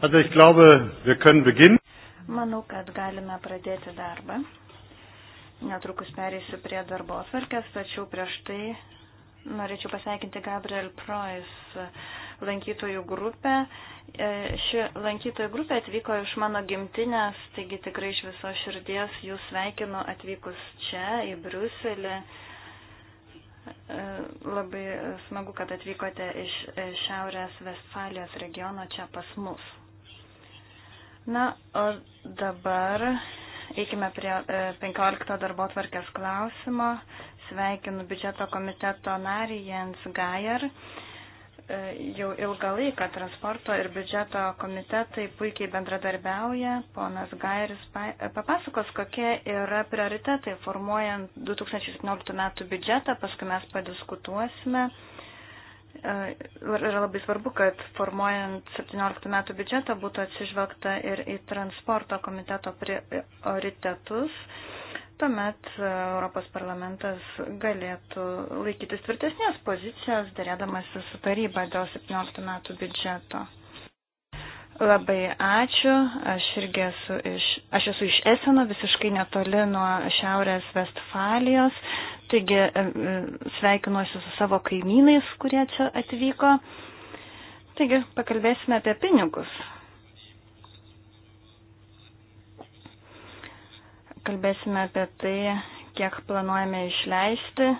Also ich glaube, wir können beginnen. Manau, kad galime pradėti darbą. Netrukus pereisiu prie darbo atvarkės, tačiau prieš tai norėčiau pasveikinti Gabriel Prois lankytojų grupę. E, ši lankytojų grupė atvyko iš mano gimtinės, taigi tikrai iš viso širdies jūs sveikinu atvykus čia į Bruselį. E, labai smagu, kad atvykote iš e, Šiaurės Vestfalijos regiono čia pas mus. Na, o dabar eikime prie 15 e, darbo tvarkės klausimo. Sveikinu biudžeto komiteto narį Jens Gajer. E, jau ilgą laiką transporto ir biudžeto komitetai puikiai bendradarbiauja. Ponas Gajeris e, papasakos, kokie yra prioritetai formuojant 2017 metų biudžetą, paskui mes padiskutuosime. E, yra labai svarbu, kad formuojant 17 metų biudžetą būtų atsižvelgta ir į transporto komiteto prioritetus. Tuomet e, Europos parlamentas galėtų laikytis tvirtesnės pozicijos, dėrėdamasi su taryba dėl 17 metų biudžeto. Labai ačiū. Aš irgi esu iš, aš esu iš Eseno, visiškai netoli nuo Šiaurės Vestfalijos. Taigi e, e, sveikinuosi su savo kaimynais, kurie čia atvyko. Taigi pakalbėsime apie pinigus. Kalbėsime apie tai, kiek planuojame išleisti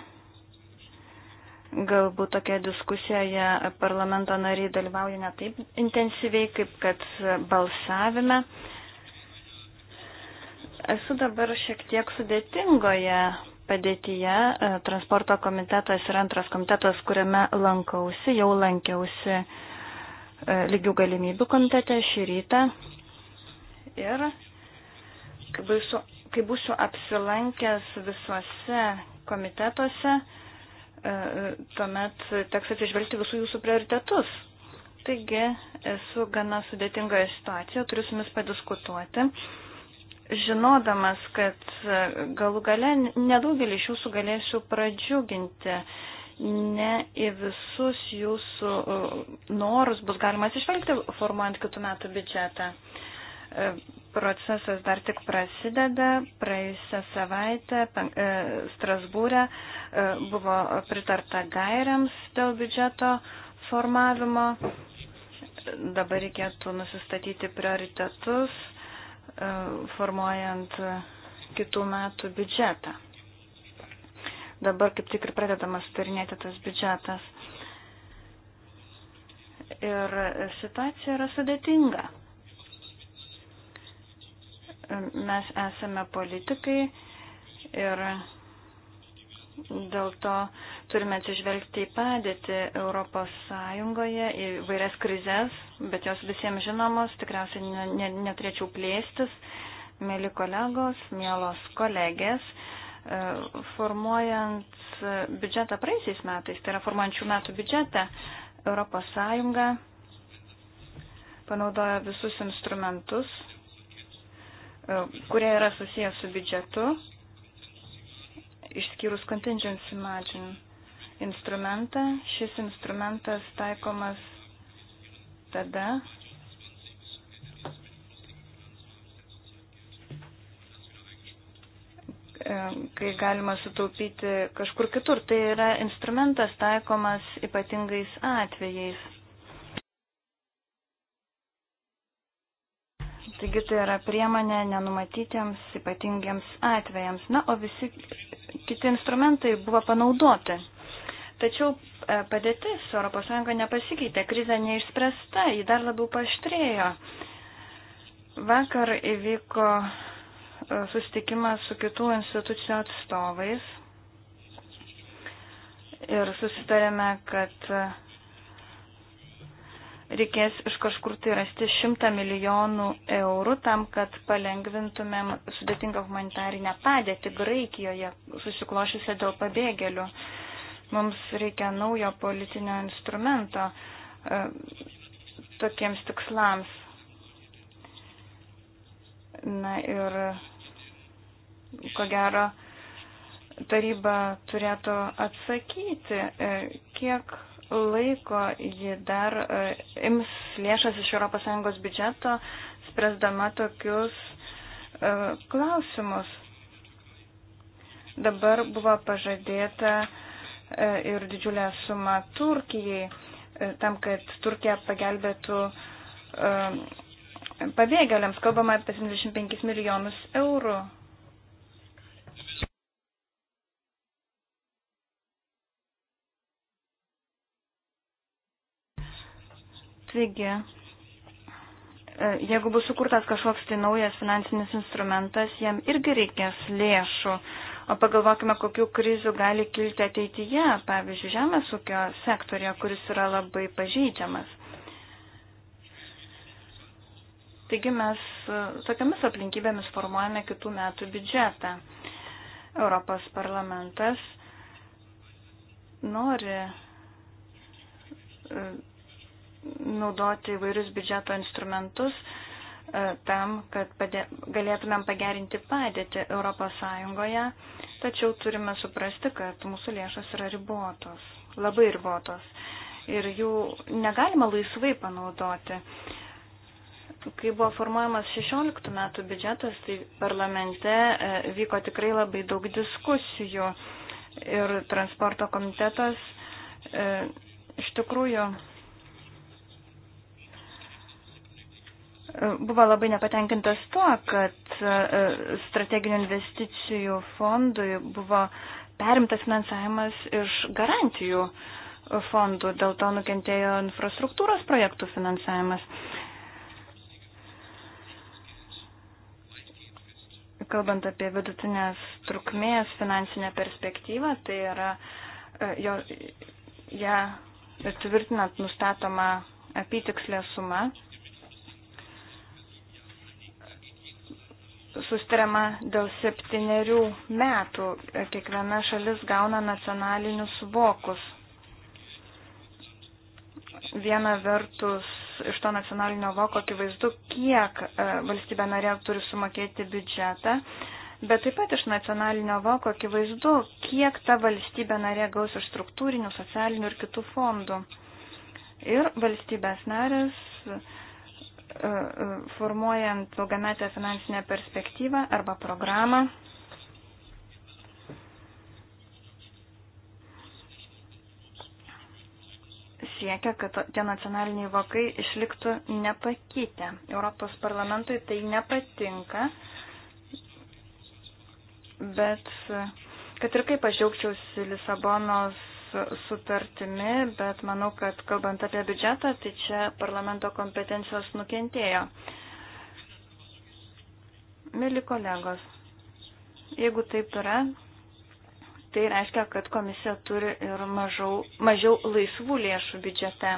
Galbūt tokia diskusijoje parlamento nariai dalyvauja ne taip intensyviai, kaip kad balsavime. Esu dabar šiek tiek sudėtingoje padėtyje. Transporto komitetas yra antras komitetas, kuriame lankausi, jau lankiausi e, lygių galimybių komitete šį rytą. Ir kai būsiu, kai būsiu apsilankęs visuose komitetuose, E, tuomet teks atsižvelgti visų jūsų prioritetus. Taigi, esu gana sudėtingoje situacijoje, turiu su jumis padiskutuoti. Žinodamas, kad e, galų gale nedaugelį iš jūsų galėsiu pradžiuginti, ne į visus jūsų e, norus bus galima atsižvelgti formuojant kitų metų biudžetą. E, procesas dar tik prasideda. Praėjusią savaitę e, Strasbūrė e, buvo pritarta gairiams dėl biudžeto formavimo. Dabar reikėtų nusistatyti prioritetus, formuojant kitų metų biudžetą. Dabar kaip tik ir pradedamas turinėti tas biudžetas. Ir situacija yra sudėtinga. Mes esame politikai ir dėl to turime atsižvelgti į padėtį Europos Sąjungoje, į vairias krizės, bet jos visiems žinomos, tikriausiai ne, ne, neturėčiau plėstis. Mėly kolegos, mielos kolegės, e, formuojant biudžetą praeisiais metais, tai yra formuojančių metų biudžetą, Europos Sąjunga panaudojo visus instrumentus, E, kurie yra susijęs su biudžetu, išskyrus contingency margin instrumentą. Šis instrumentas taikomas tada, e, kai galima sutaupyti kažkur kitur. Tai yra instrumentas taikomas ypatingais atvejais. Taigi tai yra priemonė nenumatytiems ypatingiems atvejams. Na, o visi kiti instrumentai buvo panaudoti. Tačiau e, padėtis ES nepasikeitė, krize neišspręsta, ji dar labiau paštrėjo. Vakar įvyko e, susitikimas su kitų institucijų atstovais ir susitarėme, kad e, reikės iš kažkur tai rasti 100 milijonų eurų tam, kad palengvintumėm sudėtingą humanitarinę padėtį Graikijoje susiklošiusią dėl pabėgėlių. Mums reikia naujo politinio instrumento e, tokiems tikslams. Na ir ko gero taryba turėtų atsakyti, e, kiek laiko ji dar e, ims lėšas iš ES biudžeto, spręsdama tokius e, klausimus. Dabar buvo pažadėta e, ir didžiulė suma Turkijai, tam, kad Turkija pagelbėtų pabėgėliams. Kalbama apie 75 milijonus eurų. Taigi, e, jeigu bus sukurtas kažkoks tai naujas finansinis instrumentas, jam irgi reikės lėšų. O pagalvokime, kokių krizių gali kilti ateityje, pavyzdžiui, žemės ūkio sektorija, kuris yra labai pažeidžiamas. Taigi mes e, tokiamis aplinkybėmis formuojame kitų metų biudžetą. Europos parlamentas nori e, naudoti įvairius biudžeto instrumentus e, tam, kad padė, galėtumėm pagerinti padėtį Europos Sąjungoje, tačiau turime suprasti, kad mūsų lėšos yra ribotos, labai ribotos ir jų negalima laisvai panaudoti. Kai buvo formuojamas 16 metų biudžetas, tai parlamente e, vyko tikrai labai daug diskusijų ir transporto komitetas e, iš tikrųjų buvo labai nepatenkintas tuo, kad e, strateginių investicijų fondui buvo perimtas finansavimas iš garantijų fondų, dėl to nukentėjo infrastruktūros projektų finansavimas. Kalbant apie vidutinės trukmės finansinę perspektyvą, tai yra e, jo, ją ja, tvirtinant nustatoma apitikslė suma, sustarama dėl septyniarių metų. Kiekviena šalis gauna nacionalinius vokus. Viena vertus iš to nacionalinio voko akivaizdu, kiek e, valstybė narė turi sumokėti biudžetą, bet taip pat iš nacionalinio voko akivaizdu, kiek ta valstybė narė gaus iš struktūrinių, socialinių ir kitų fondų. Ir valstybės narės uh, E, e, formuojant ilgametę finansinę perspektyvą arba programą. siekia, kad tie nacionaliniai vokai išliktų nepakitę. Europos parlamentui tai nepatinka, bet kad ir kaip aš džiaugčiausi Lisabonos sutartimi, bet manau, kad kalbant apie biudžetą, tai čia parlamento kompetencijos nukentėjo. Mili kolegos, jeigu taip yra, tai reiškia, kad komisija turi ir mažiau, mažiau laisvų lėšų biudžete.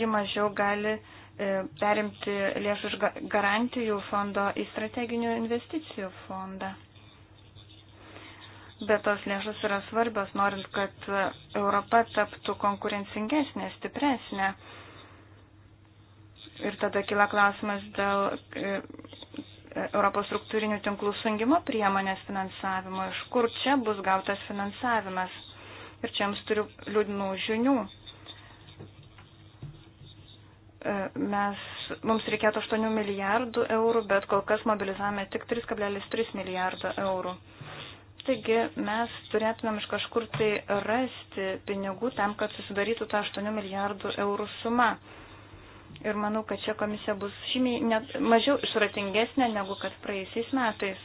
Ji mažiau gali e, perimti lėšų iš garantijų fondo į strateginių investicijų fondą bet tos lėšos yra svarbios, norint, kad Europa taptų konkurencingesnė, stipresnė. Ir tada kila klausimas dėl e, Europos struktūrinių tinklų sungimo priemonės finansavimo, iš kur čia bus gautas finansavimas. Ir čia jums turiu liūdnų žinių. E, mes, mums reikėtų 8 milijardų eurų, bet kol kas mobilizavome tik 3,3 milijardo eurų. Taigi mes turėtumėm iš kažkur tai rasti pinigų tam, kad susidarytų tą 8 milijardų eurų suma. Ir manau, kad čia komisija bus žymiai net, mažiau išratingesnė negu kad praeisiais metais.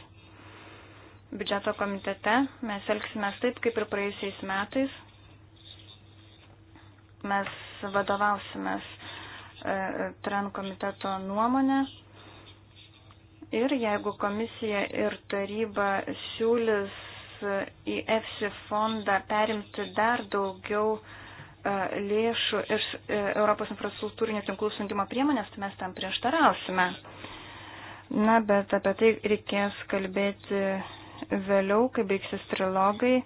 Biudžeto komitete mes elgsime taip, kaip ir praeisiais metais. Mes vadovausimės e, TRAN komiteto nuomonę. Ir jeigu komisija ir taryba siūlis į EFSI fondą perimti dar daugiau e, lėšų iš e, Europos infrastruktūrinio tinklų sungimo priemonės, tai mes tam prieštarausime. Na, bet apie tai reikės kalbėti vėliau, kai baigsis trilogai.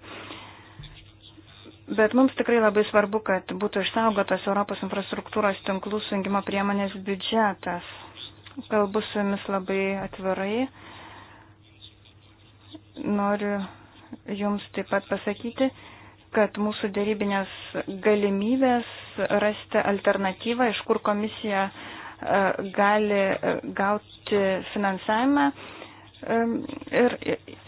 Bet mums tikrai labai svarbu, kad būtų išsaugotas Europos infrastruktūros tinklų sungimo priemonės biudžetas. Kalbu su jumis labai atvirai. Noriu Jums taip pat pasakyti, kad mūsų dėrybinės galimybės rasti alternatyvą, iš kur komisija e, gali e, gauti finansavimą, e, ir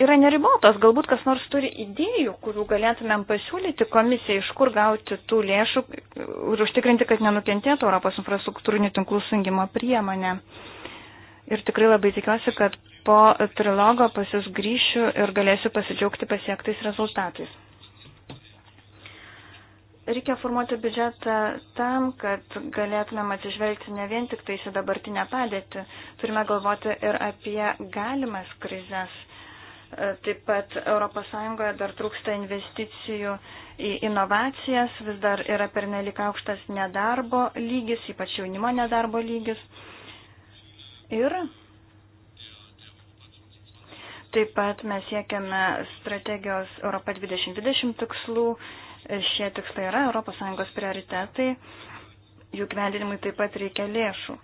yra neribotos. Galbūt kas nors turi idėjų, kurių galėtumėm pasiūlyti komisijai, iš kur gauti tų lėšų ir užtikrinti, kad nenukentėtų Europos infrastruktūrinių tinklų sungimo priemonė. Ir tikrai labai tikiuosi, kad po trilogo pas jūs grįšiu ir galėsiu pasidžiaugti pasiektais rezultatais. Reikia formuoti biudžetą tam, kad galėtumėm atsižvelgti ne vien tik tai į dabartinę padėtį, turime galvoti ir apie galimas krizės. Taip pat ES dar trūksta investicijų į inovacijas, vis dar yra pernelik aukštas nedarbo lygis, ypač jaunimo nedarbo lygis. Ir Taip pat mes siekiame strategijos Europa 2020 tikslų. Šie tikslai yra ES prioritetai. Jų gyvendinimui taip pat reikia lėšų.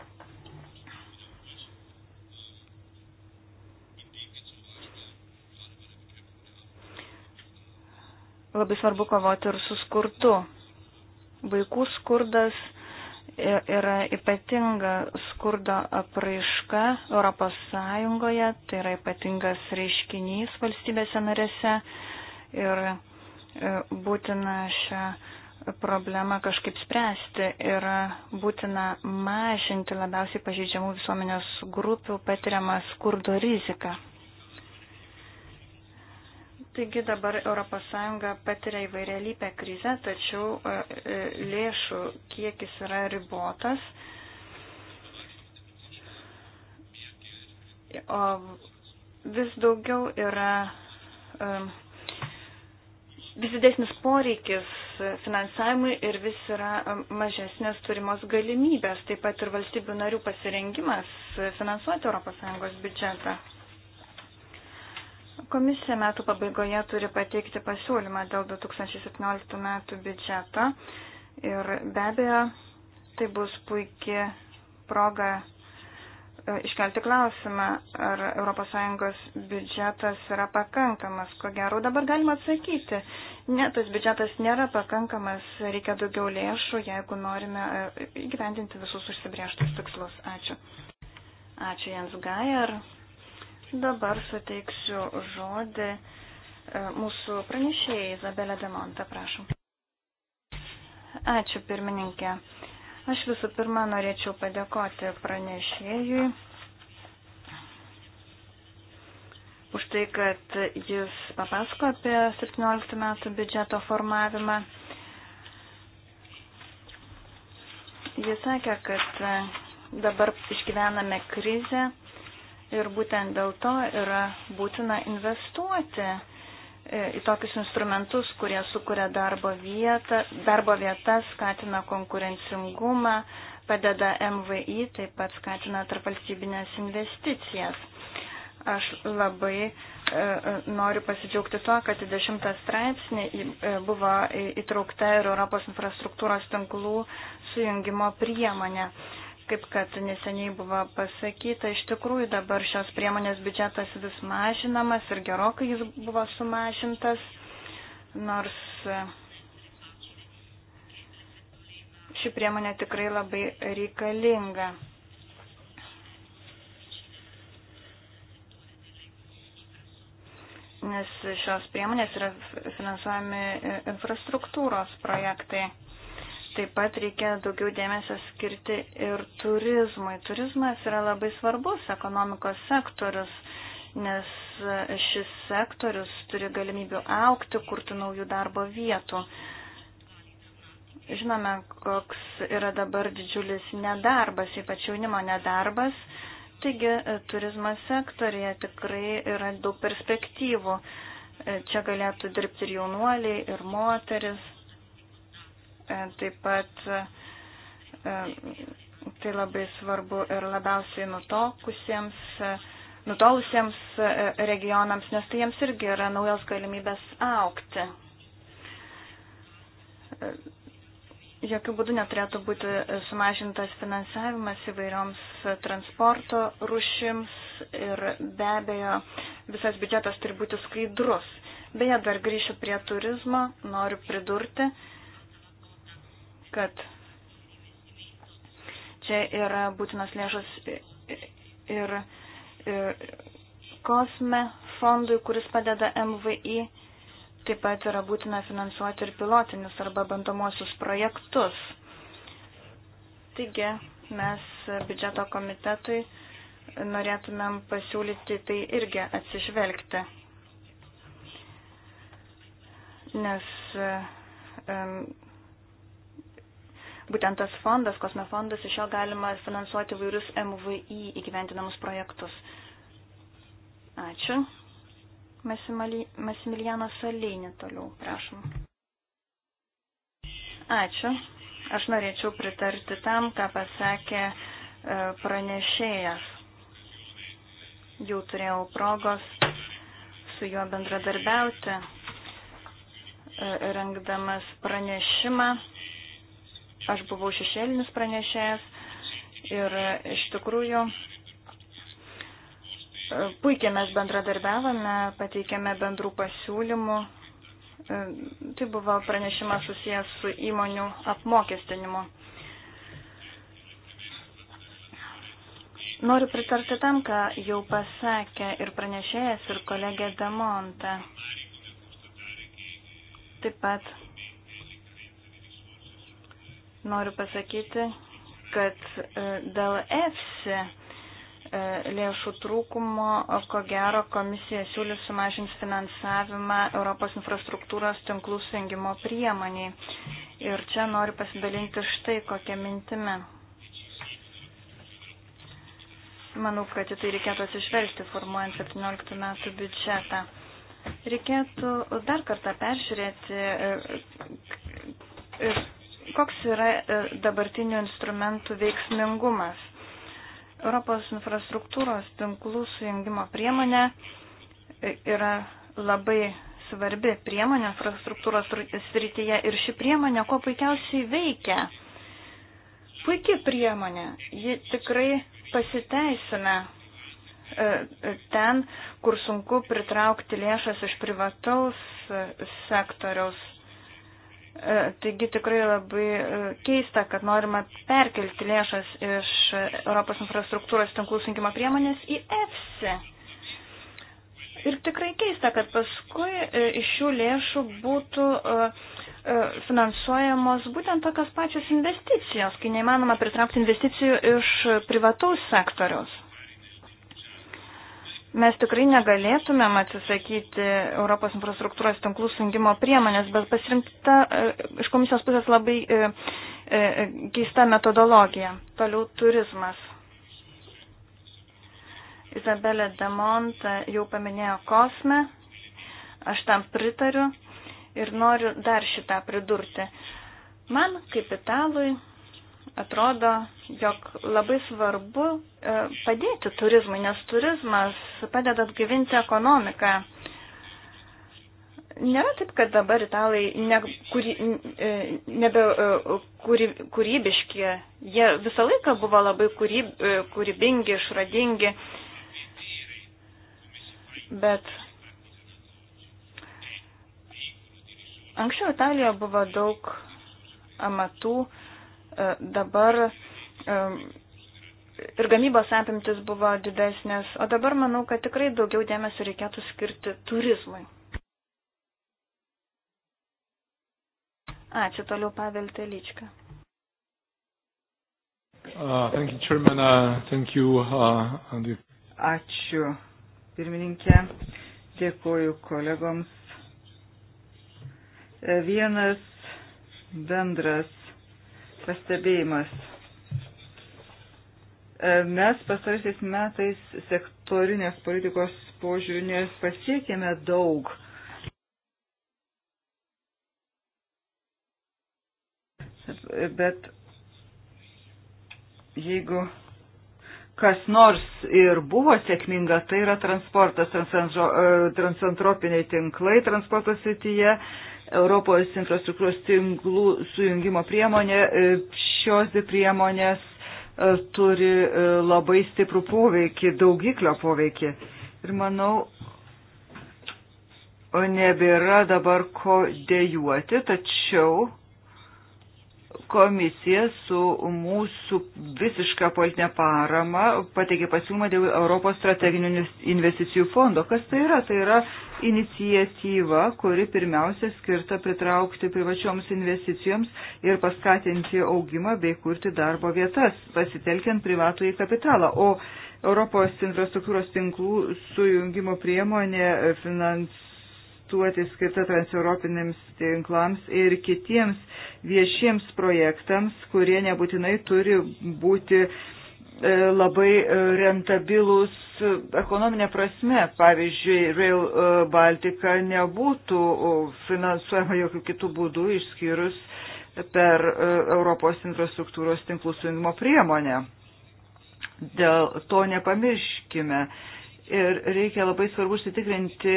Labai svarbu kovoti ir su skurtu. Vaikų skurdas yra ypatinga skurdo apraiška Europos Sąjungoje, tai yra ypatingas reiškinys valstybėse narėse ir e, būtina šią problemą kažkaip spręsti ir būtina mažinti labiausiai pažeidžiamų visuomenės grupių patiriamą skurdo riziką. Taigi dabar ES patiria įvairialypę krizę, tačiau e, e, lėšų kiekis yra ribotas. O vis daugiau yra e, vis didesnis poreikis finansavimui ir vis yra mažesnės turimos galimybės, taip pat ir valstybių narių pasirengimas finansuoti ES biudžetą. Komisija metų pabaigoje turi pateikti pasiūlymą dėl 2017 metų biudžeto ir be abejo tai bus puikia proga e, iškelti klausimą, ar ES biudžetas yra pakankamas. Ko gero, dabar galima atsakyti. Ne, tas biudžetas nėra pakankamas, reikia daugiau lėšų, jeigu norime e, įgyvendinti visus užsibrieštus tikslus. Ačiū. Ačiū Jens Gajer. Dabar suteiksiu žodį e, mūsų pranešėjai Izabelė Demonta, prašom. Ačiū pirmininkė. Aš visų pirma norėčiau padėkoti pranešėjui už tai, kad jis papasako apie 17 metų biudžeto formavimą. Jis sakė, kad dabar išgyvename krizę Ir būtent dėl to yra būtina investuoti e, į tokius instrumentus, kurie sukuria darbo, vietą, darbo vietas, skatina konkurencingumą, padeda MVI, taip pat skatina tarpvalstybinės investicijas. Aš labai e, e noriu pasidžiaugti tuo, kad į dešimtą straipsnį e, buvo įtraukta ir Europos infrastruktūros tinklų sujungimo priemonė. E, Kaip kad neseniai buvo pasakyta, iš tikrųjų dabar šios priemonės biudžetas vis mažinamas ir gerokai jis buvo sumažintas, nors e, ši priemonė tikrai labai reikalinga. nes šios priemonės yra finansuojami e, infrastruktūros projektai. Taip pat reikia daugiau dėmesio skirti ir turizmui. Turizmas yra labai svarbus ekonomikos sektorius, nes šis sektorius turi galimybių aukti, kurti naujų darbo vietų. Žinome, koks yra dabar didžiulis nedarbas, ypač jaunimo nedarbas. Taigi turizmo sektorija tikrai yra daug perspektyvų. Čia galėtų dirbti ir jaunuoliai, ir moteris. E, taip pat e, e, tai labai svarbu ir labiausiai nutokusiems, nutolusiems regionams, nes tai jiems irgi yra naujos galimybės aukti. Jokių būdų neturėtų būti sumažintas finansavimas įvairioms transporto rušims ir be abejo visas biudžetas turi būti skaidrus. Beje, dar grįšiu prie turizmo, noriu pridurti, kad čia yra būtinos lėšos ir, ir kosme fondui, kuris padeda MVI, taip pat yra būtina finansuoti ir pilotinius arba bandomosius projektus. Taigi mes biudžeto komitetui norėtumėm pasiūlyti tai irgi atsižvelgti. Nes um, Būtent tas fondas, kosmefondas, iš jo galima finansuoti vairius MVI įgyventinamus projektus. Ačiū. Masimiliano Salinį toliau, prašom. Ačiū. Aš norėčiau pritarti tam, ką pasakė e, pranešėjas. Jau turėjau progos su juo bendradarbiauti, e, rengdamas pranešimą Aš buvau šešėlinis pranešėjas ir iš tikrųjų e, puikiai mes bendradarbiavome, pateikėme bendrų pasiūlymų. E, tai buvo pranešimas susijęs su įmonių apmokestinimu. Noriu pritarti tam, ką jau pasakė ir pranešėjas, ir kolegė Damonta. Taip pat noriu pasakyti, kad e, dėl EFSI e, lėšų trūkumo, ko gero, komisija siūlys sumažinti finansavimą Europos infrastruktūros tinklų sengimo priemoniai. Ir čia noriu pasidalinti štai kokią mintimę. Manau, kad į tai reikėtų atsižvelgti, formuojant 17 metų biudžetą. Reikėtų dar kartą peržiūrėti ir e, koks yra e, dabartinių instrumentų veiksmingumas. Europos infrastruktūros tinklų sujungimo priemonė e, yra labai svarbi priemonė infrastruktūros srityje ir ši priemonė kuo puikiausiai veikia. Puikiai priemonė, ji tikrai pasiteisina e, ten, kur sunku pritraukti lėšas iš privataus sektoriaus E, taigi tikrai labai e, keista, kad norima perkelti lėšas iš Europos infrastruktūros tinklų sunkimo priemonės į EFSI. Ir tikrai keista, kad paskui e, iš šių lėšų būtų finansuojamos būtent tokios pačios investicijos, kai neįmanoma pritraukti investicijų iš privataus sektoriaus. Mes tikrai negalėtumėm atsisakyti Europos infrastruktūros tinklų sungimo priemonės, bet pasirinkta e, iš komisijos pusės labai e, e, keista metodologija. Toliau turizmas. Izabelė Demonta jau paminėjo kosmę, aš tam pritariu ir noriu dar šitą pridurti. Man, kaip italui, atrodo, jog labai svarbu e, padėti turizmui, nes turizmas padeda atgyvinti ekonomiką. Nėra taip, kad dabar italai ne, kuri, e, nebe e, kuri, kūrybiški, jie visą laiką buvo labai kūryb, kūrybingi, išradingi, bet anksčiau Italijoje buvo daug amatų, E, dabar e, ir gamybos apimtis buvo didesnės, o dabar manau, kad tikrai daugiau dėmesio reikėtų skirti turizmui. Ačiū toliau Pavel Teličką. Uh, thank you, Chairman. Uh, thank you, uh, Andy. Ačiū, pirmininkė. Dėkoju kolegoms. E, vienas bendras pastebėjimas. E, mes pastaraisiais metais sektorinės politikos požiūrinės pasiekėme daug. Bet jeigu kas nors ir buvo sėkminga, tai yra transportas, transantropiniai e, tinklai transporto srityje, Europos infrastruktūros tinklų sujungimo priemonė. E, šios priemonės e, turi e, labai stiprų poveikį, daugiklio poveikį. Ir manau, nebėra dabar ko dėjuoti, tačiau komisija su mūsų visiška politinė parama pateikė pasiūlymą dėl Europos strateginių investicijų fondo. Kas tai yra? Tai yra inicijatyva, kuri pirmiausia skirta pritraukti privačioms investicijoms ir paskatinti augimą bei kurti darbo vietas, pasitelkiant privatų į kapitalą. O Europos infrastruktūros tinklų sujungimo priemonė finansuoti skirta transeuropinėms tinklams ir kitiems viešiems projektams, kurie nebūtinai turi būti E, labai e, rentabilus e, ekonominė prasme. Pavyzdžiui, Rail Baltica nebūtų finansuojama jokių kitų būdų išskyrus per Europos infrastruktūros tinklų sujungimo priemonę. Dėl to nepamirškime. Ir reikia labai svarbu užsitikrinti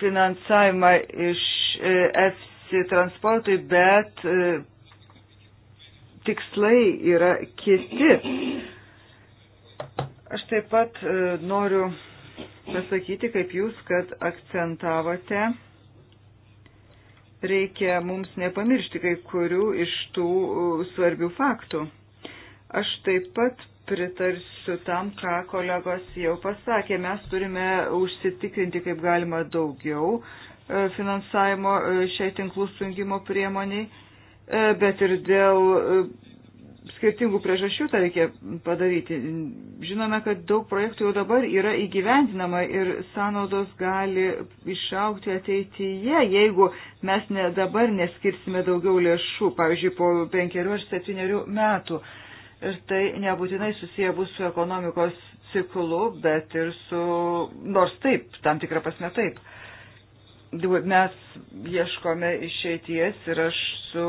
finansavimą iš FC transportui, bet tikslai yra kiti. Aš taip pat e, noriu pasakyti, kaip jūs, kad akcentavote, reikia mums nepamiršti kai kurių iš tų svarbių faktų. Aš taip pat pritarsiu tam, ką kolegos jau pasakė. Mes turime užsitikrinti kaip galima daugiau e, finansavimo e, šiai tinklų sujungimo priemoniai E, bet ir dėl e, skirtingų priežasčių tą reikia padaryti. Žinome, kad daug projektų jau dabar yra įgyvendinama ir sąnaudos gali išaukti ateityje, jeigu mes ne dabar neskirsime daugiau lėšų, pavyzdžiui, po penkerių ar septyniarių metų. Ir tai nebūtinai susiję bus su ekonomikos ciklu, bet ir su, nors taip, tam tikrą prasme taip. Uh, mes ieškome išeities ir aš su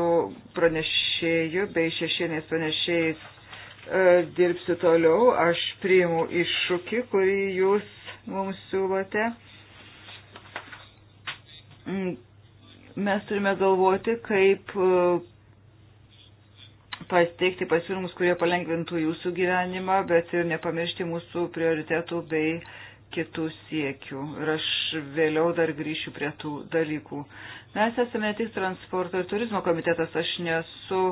pranešėju bei šešėniais pranešėjais e, dirbsiu toliau. Aš priimu iššūkį, kurį jūs mums siūlote. Mm, mes turime galvoti, kaip e, pasteikti pasiūlymus, kurie palengvintų jūsų gyvenimą, bet ir nepamiršti mūsų prioritetų bei kitų siekių ir aš vėliau dar grįšiu prie tų dalykų. Mes esame ne tik transporto ir turizmo komitetas, aš nesu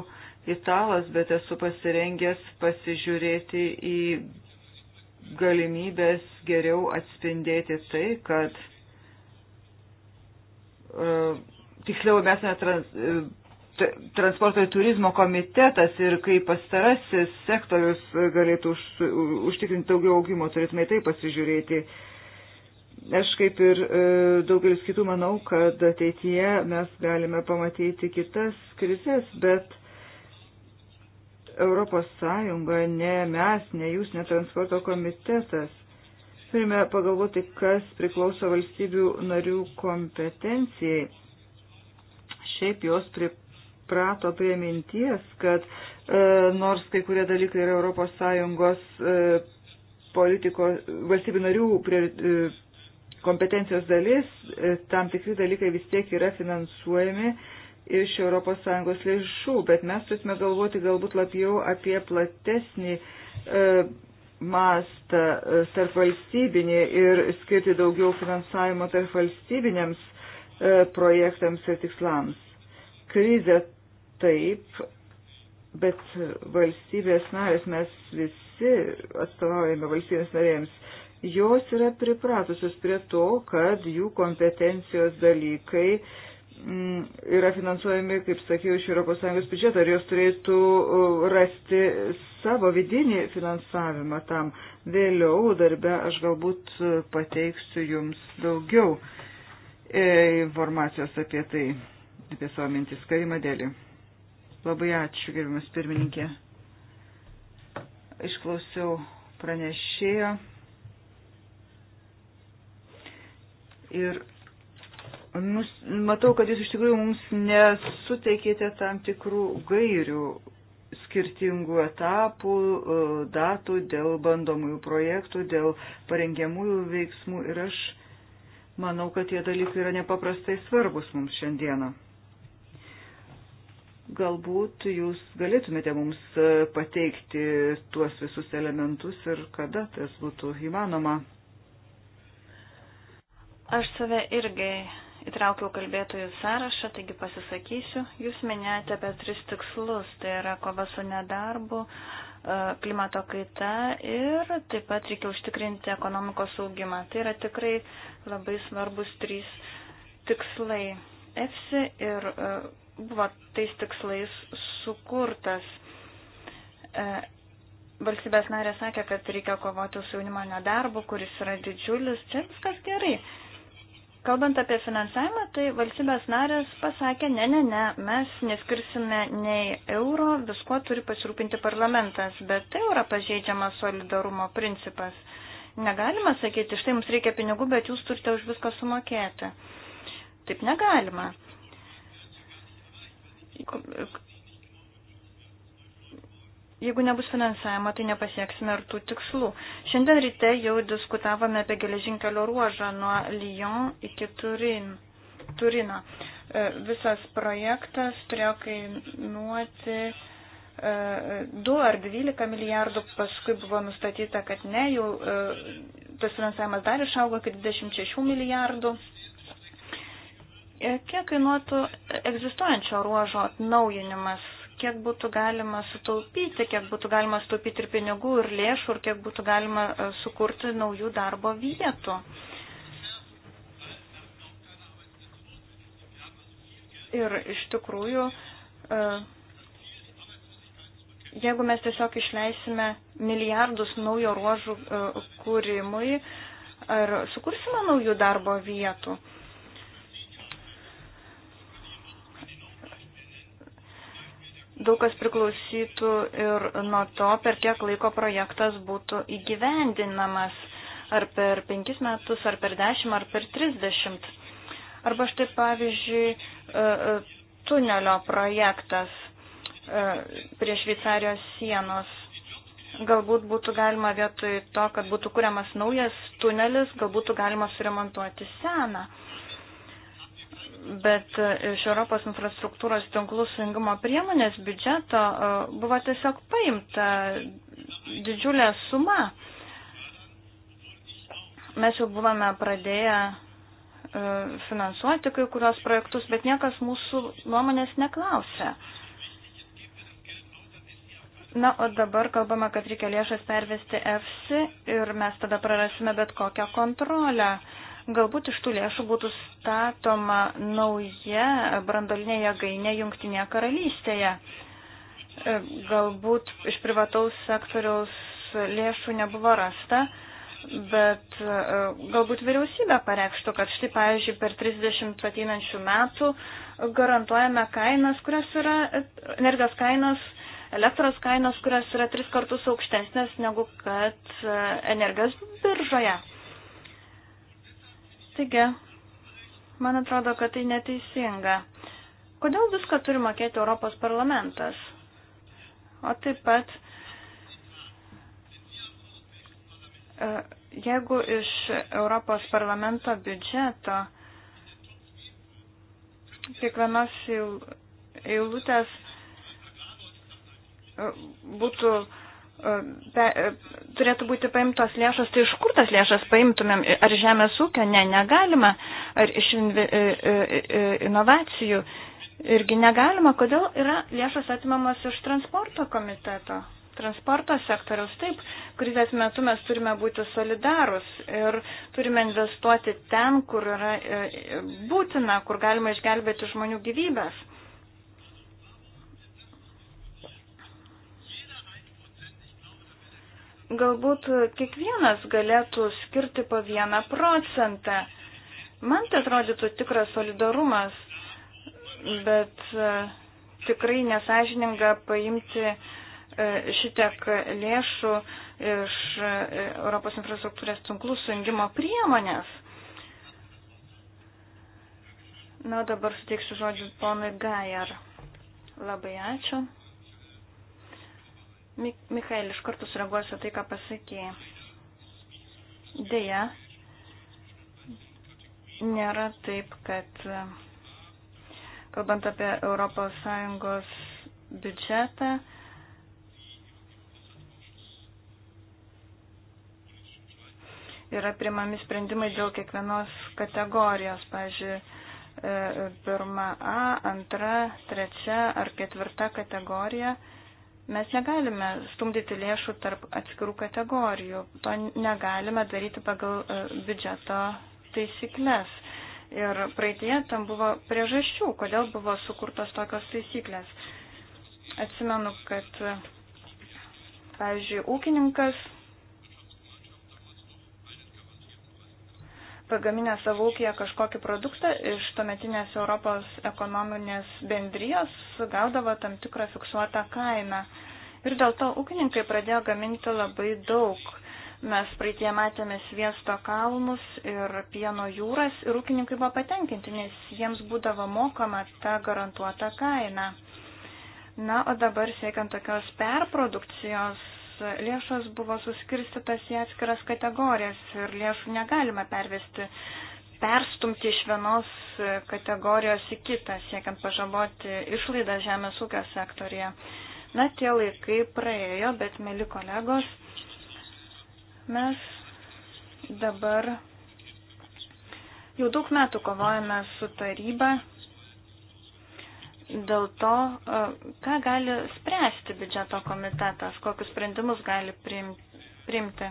italas, bet esu pasirengęs pasižiūrėti į galimybės geriau atspindėti tai, kad e, tiksliau mes esame trans, e, transporto ir turizmo komitetas ir kaip pastarasis sektorius galėtų už, užtikrinti daugiau augimo, turėtume tai pasižiūrėti. Aš kaip ir e, daugelis kitų manau, kad ateityje mes galime pamatyti kitas krizės, bet Europos Sąjunga, ne mes, ne jūs, ne transporto komitetas. Turime pagalvoti, kas priklauso valstybių narių kompetencijai šiaip jos pri, priprato prie minties, kad e, nors kai kurie dalykai yra ES e, politiko, valstybių narių prie, e, kompetencijos dalis, e, tam tikri dalykai vis tiek yra finansuojami iš ES lėšų, bet mes turime galvoti galbūt labiau apie platesnį e, mastą e, tarp valstybinį ir skirti daugiau finansavimo tarp valstybinėms e, projektams ir tikslams. Krizė taip, bet valstybės narės, mes visi atstovaujame valstybės narėms, jos yra pripratusios prie to, kad jų kompetencijos dalykai m, mm, yra finansuojami, kaip sakiau, iš ES biudžeto, ar jos turėtų uh, rasti savo vidinį finansavimą tam. Vėliau darbe aš galbūt uh, pateiksiu jums daugiau e, informacijos apie tai, apie savo mintis. Karimą dėlį. Labai ačiū, gerbimas pirmininkė. Išklausiau pranešėjo ir nus, matau, kad jūs iš tikrųjų mums nesuteikėte tam tikrų gairių skirtingų etapų, e, datų dėl bandomųjų projektų, dėl parengiamųjų veiksmų ir aš manau, kad tie dalykai yra nepaprastai svarbus mums šiandieną. Galbūt jūs galėtumėte mums e, pateikti tuos visus elementus ir kada tas būtų įmanoma. Aš save irgi įtraukiau kalbėtojų sąrašą, taigi pasisakysiu. Jūs minėjote apie tris tikslus, tai yra kova su nedarbu, e, klimato kaita ir taip pat reikia užtikrinti ekonomikos augimą. Tai yra tikrai labai svarbus trys tikslai. EFSI ir e, buvo tais tikslais sukurtas. E, valstybės narė sakė, kad reikia kovoti su jaunimo nedarbu, kuris yra didžiulis. Čia viskas gerai. Kalbant apie finansavimą, tai valstybės narės pasakė, ne, ne, ne, mes neskirsime nei euro, viskuo turi pasirūpinti parlamentas, bet tai yra pažeidžiamas solidarumo principas. Negalima sakyti, štai mums reikia pinigų, bet jūs turite už viską sumokėti. Taip negalima. Jeigu nebus finansavimo, tai nepasieksime ir tų tikslų. Šiandien ryte jau diskutavome apie geležinkelio ruožą nuo Lyon iki Turin, Turino. E, visas projektas turėjo kainuoti 2 e, ar 12 milijardų, paskui buvo nustatyta, kad ne, jau e, tas finansavimas dar išaugo iki 26 milijardų. Kiek kainuotų egzistuojančio ruožo atnaujinimas? Kiek būtų galima sutaupyti, kiek būtų galima sutaupyti ir pinigų, ir lėšų, ir kiek būtų galima e, sukurti naujų darbo vietų? Ir iš tikrųjų, e, jeigu mes tiesiog išleisime milijardus naujo ruožų e, kūrimui, ar sukursime naujų darbo vietų? daug kas priklausytų ir nuo to, per kiek laiko projektas būtų įgyvendinamas, ar per penkis metus, ar per dešimt, ar per trisdešimt. Arba štai pavyzdžiui, e, e, tunelio projektas e, prie Šveicarijos sienos. Galbūt būtų galima vietoj to, kad būtų kuriamas naujas tunelis, galbūt galima suremontuoti seną. Uh, Bet e, iš Europos infrastruktūros tinklų sujungimo priemonės biudžeto e, buvo tiesiog paimta didžiulė suma. Mes jau buvome pradėję e, finansuoti kai kurios projektus, bet niekas mūsų nuomonės neklausė. Na, o dabar kalbama, kad reikia lėšas pervesti EFSI ir mes tada prarasime bet kokią kontrolę. Uh, Galbūt iš tų lėšų būtų statoma nauja brandolinė jėgainė Junktinėje karalystėje. E, galbūt iš privataus sektoriaus lėšų nebuvo rasta, bet e, galbūt vyriausybė pareikštų, kad štai, pavyzdžiui, per 30 ateinančių metų garantuojame kainas, kurios yra energijos kainos, elektros kainos, kurios yra tris kartus aukštesnės negu kad e, energijos biržoje. Taigi, man atrodo, kad tai neteisinga. Kodėl viską turi mokėti Europos parlamentas? O taip pat, e, jeigu iš Europos parlamento biudžeto kiekvienos eilutės e, būtų uh, E, pe, e, turėtų būti paimtos lėšos, tai iš kur tas lėšas paimtumėm? Ar žemės ūkio? Ne, negalima. Ar iš invi, e, inovacijų? Irgi negalima. Kodėl yra lėšos atimamos iš transporto komiteto? Transporto sektoriaus taip, krizės metu mes turime būti solidarus ir turime investuoti ten, kur yra būtina, kur galima išgelbėti žmonių gyvybės. galbūt kiekvienas galėtų skirti po vieną procentą. Man tai atrodytų tikras solidarumas, bet e, tikrai nesažininga paimti e, šitiek lėšų iš e, Europos infrastruktūrės tinklų sujungimo priemonės. Na, dabar suteiksiu žodžius ponui Gajar. Labai ačiū. Mikael, iš karto sureaguosiu tai, ką pasakėjai. Deja, nėra taip, kad kalbant apie ES biudžetą, yra primami sprendimai dėl kiekvienos kategorijos, pavyzdžiui, e, pirma A, antra, trečia ar ketvirta kategorija. Mes negalime stumdyti lėšų tarp atskirų kategorijų. To negalime daryti pagal e, biudžeto taisyklės. Ir praeitie tam buvo priežasčių, kodėl buvo sukurtos tokios taisyklės. Atsimenu, kad, pavyzdžiui, ūkininkas pagaminę savo ūkiją kažkokį produktą iš tuometinės Europos ekonominės bendrijos gaudavo tam tikrą fiksuotą kainą. Ir dėl to ūkininkai pradėjo gaminti labai daug. Mes praeitie matėme sviesto kalnus ir pieno jūras ir ūkininkai buvo patenkinti, nes jiems būdavo mokama ta garantuota kaina. Na, o dabar siekiant tokios perprodukcijos lėšos buvo suskirstytas į atskiras kategorijas ir lėšų negalima pervesti, perstumti iš vienos kategorijos į kitą, siekiant pažaboti išlaidą žemės ūkio sektorija. Na, tie laikai praėjo, bet, mėly kolegos, mes dabar jau daug metų kovojame su taryba dėl to, e, ką gali spręsti biudžeto komitetas, kokius sprendimus gali priimti.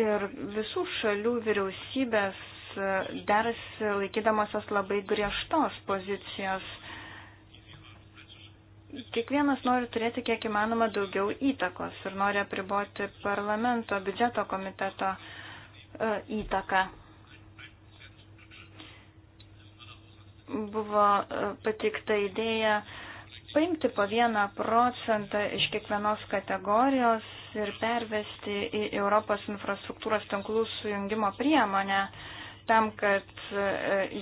Ir visų šalių vyriausybės e, derasi laikydamosios labai griežtos pozicijos. Kiekvienas nori turėti kiek įmanoma daugiau įtakos ir nori apriboti parlamento biudžeto komiteto e, įtaką. buvo e, patikta idėja paimti po vieną procentą iš kiekvienos kategorijos ir pervesti į Europos infrastruktūros tinklų sujungimo priemonę, tam, kad e,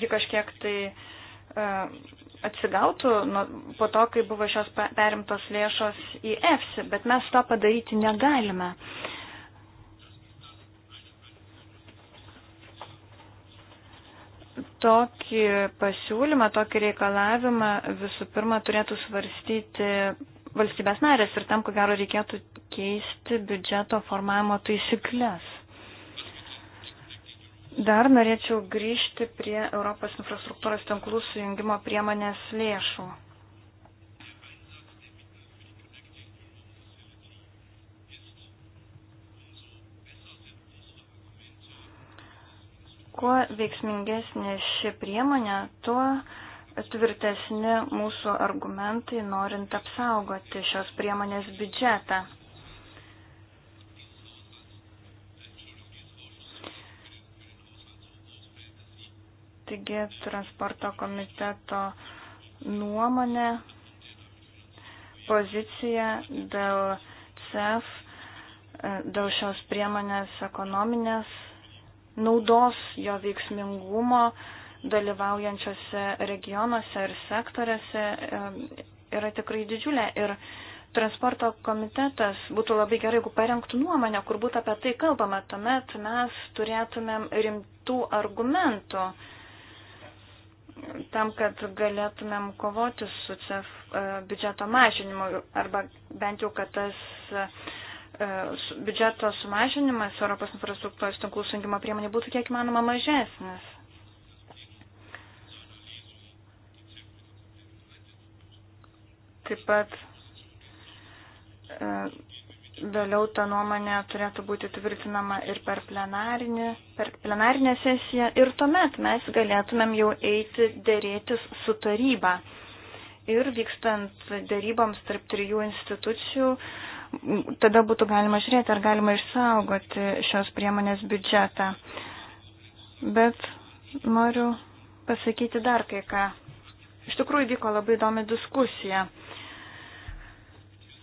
ji kažkiek tai e, atsigautų nu, po to, kai buvo šios perimtos lėšos į EFSI, bet mes to padaryti negalime. Uh, Tokį pasiūlymą, tokį reikalavimą visų pirma turėtų svarstyti valstybės narės ir tam, ko gero, reikėtų keisti biudžeto formavimo taisyklės. Dar norėčiau grįžti prie Europos infrastruktūros tinklų sujungimo priemonės lėšų. Kuo veiksmingesnė ši priemonė, tuo tvirtesni mūsų argumentai norint apsaugoti šios priemonės biudžetą. Taigi transporto komiteto nuomonė, pozicija dėl CEF, dėl šios priemonės ekonominės naudos jo veiksmingumo dalyvaujančiose regionuose ir sektoriuose yra tikrai didžiulė. Ir transporto komitetas būtų labai gerai, jeigu parengtų nuomonę, kur būtų apie tai kalbama, tuomet mes turėtumėm rimtų argumentų tam, kad galėtumėm kovoti su CEF e, biudžeto mažinimu arba bent jau, kad tas E, biudžeto sumažinimas Europos infrastruktūros tinklų sujungimo priemonė būtų kiek manoma mažesnis. Taip pat e, vėliau ta nuomonė turėtų būti tvirtinama ir per plenarinę, per plenarinę sesiją ir tuomet mes galėtumėm jau eiti dėrėtis su taryba. Ir vykstant dėryboms tarp trijų institucijų, uh, tada būtų galima žiūrėti, ar galima išsaugoti šios priemonės biudžetą. Bet noriu pasakyti dar kai ką. Iš tikrųjų vyko labai įdomi diskusija.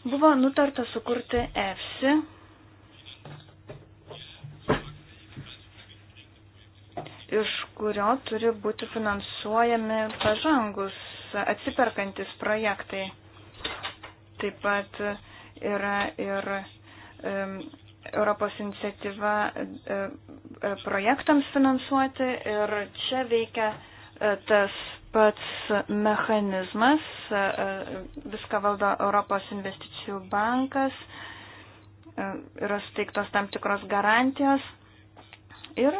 Buvo nutarta sukurti EFSI. iš kurio turi būti finansuojami pažangus atsiperkantis projektai. Taip pat yra ir Europos iniciatyva e, projektams finansuoti ir čia veikia e, tas pats mechanizmas, e, viską valdo Europos investicijų bankas, yra suteiktos tam tikros garantijos ir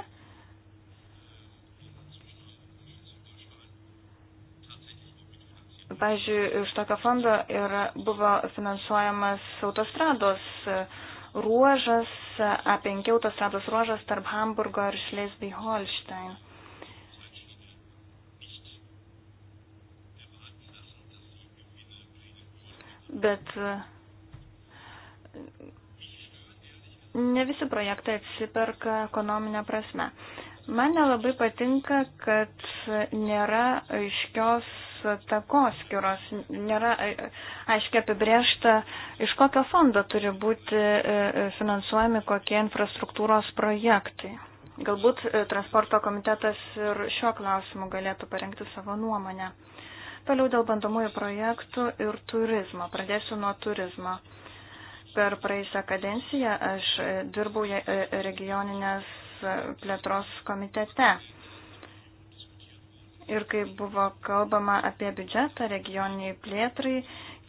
Pavyzdžiui, iš tokio fondo ir buvo finansuojamas autostrados ruožas, A5 autostrados ruožas tarp Hamburgo ir Šlesvig-Holstein. Bet e, ne visi projektai atsiperka ekonominę prasme. Man nelabai patinka, kad nėra aiškios takos skiros, nėra aiškiai apibriešta, iš kokio fondo turi būti e, e, finansuojami kokie infrastruktūros projektai. Galbūt e, transporto komitetas ir šiuo klausimu galėtų parengti savo nuomonę. Toliau dėl bandomųjų projektų ir turizmo. Pradėsiu nuo turizmo. Per praeisą kadenciją aš dirbau regioninės plėtros komitete ir kai buvo kalbama apie biudžetą regioniniai plėtrai,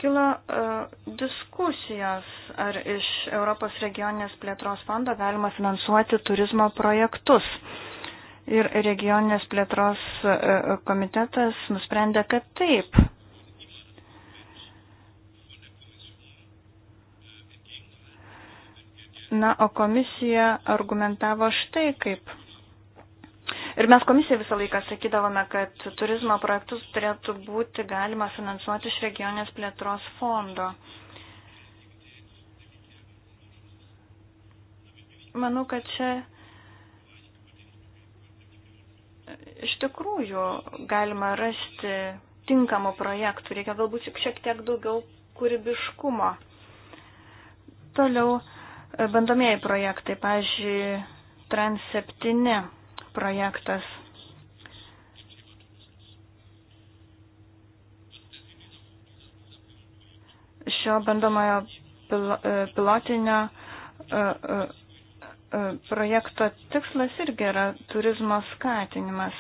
kilo uh, diskusijos, ar iš Europos regioninės plėtros fondo galima finansuoti turizmo projektus. Ir regioninės plėtros uh, komitetas nusprendė, kad taip. Na, o komisija argumentavo štai kaip. Ir mes komisija visą laiką sakydavome, kad turizmo projektus turėtų būti galima finansuoti iš regionės plėtros fondo. Manau, kad čia iš tikrųjų galima rasti tinkamų projektų. Reikia galbūt šiek tiek daugiau kūrybiškumo. Toliau e, bandomieji projektai, pavyzdžiui, Trans 7 projektas. Šio bandomojo e, pilotinio e, e, projekto tikslas irgi yra turizmo skatinimas.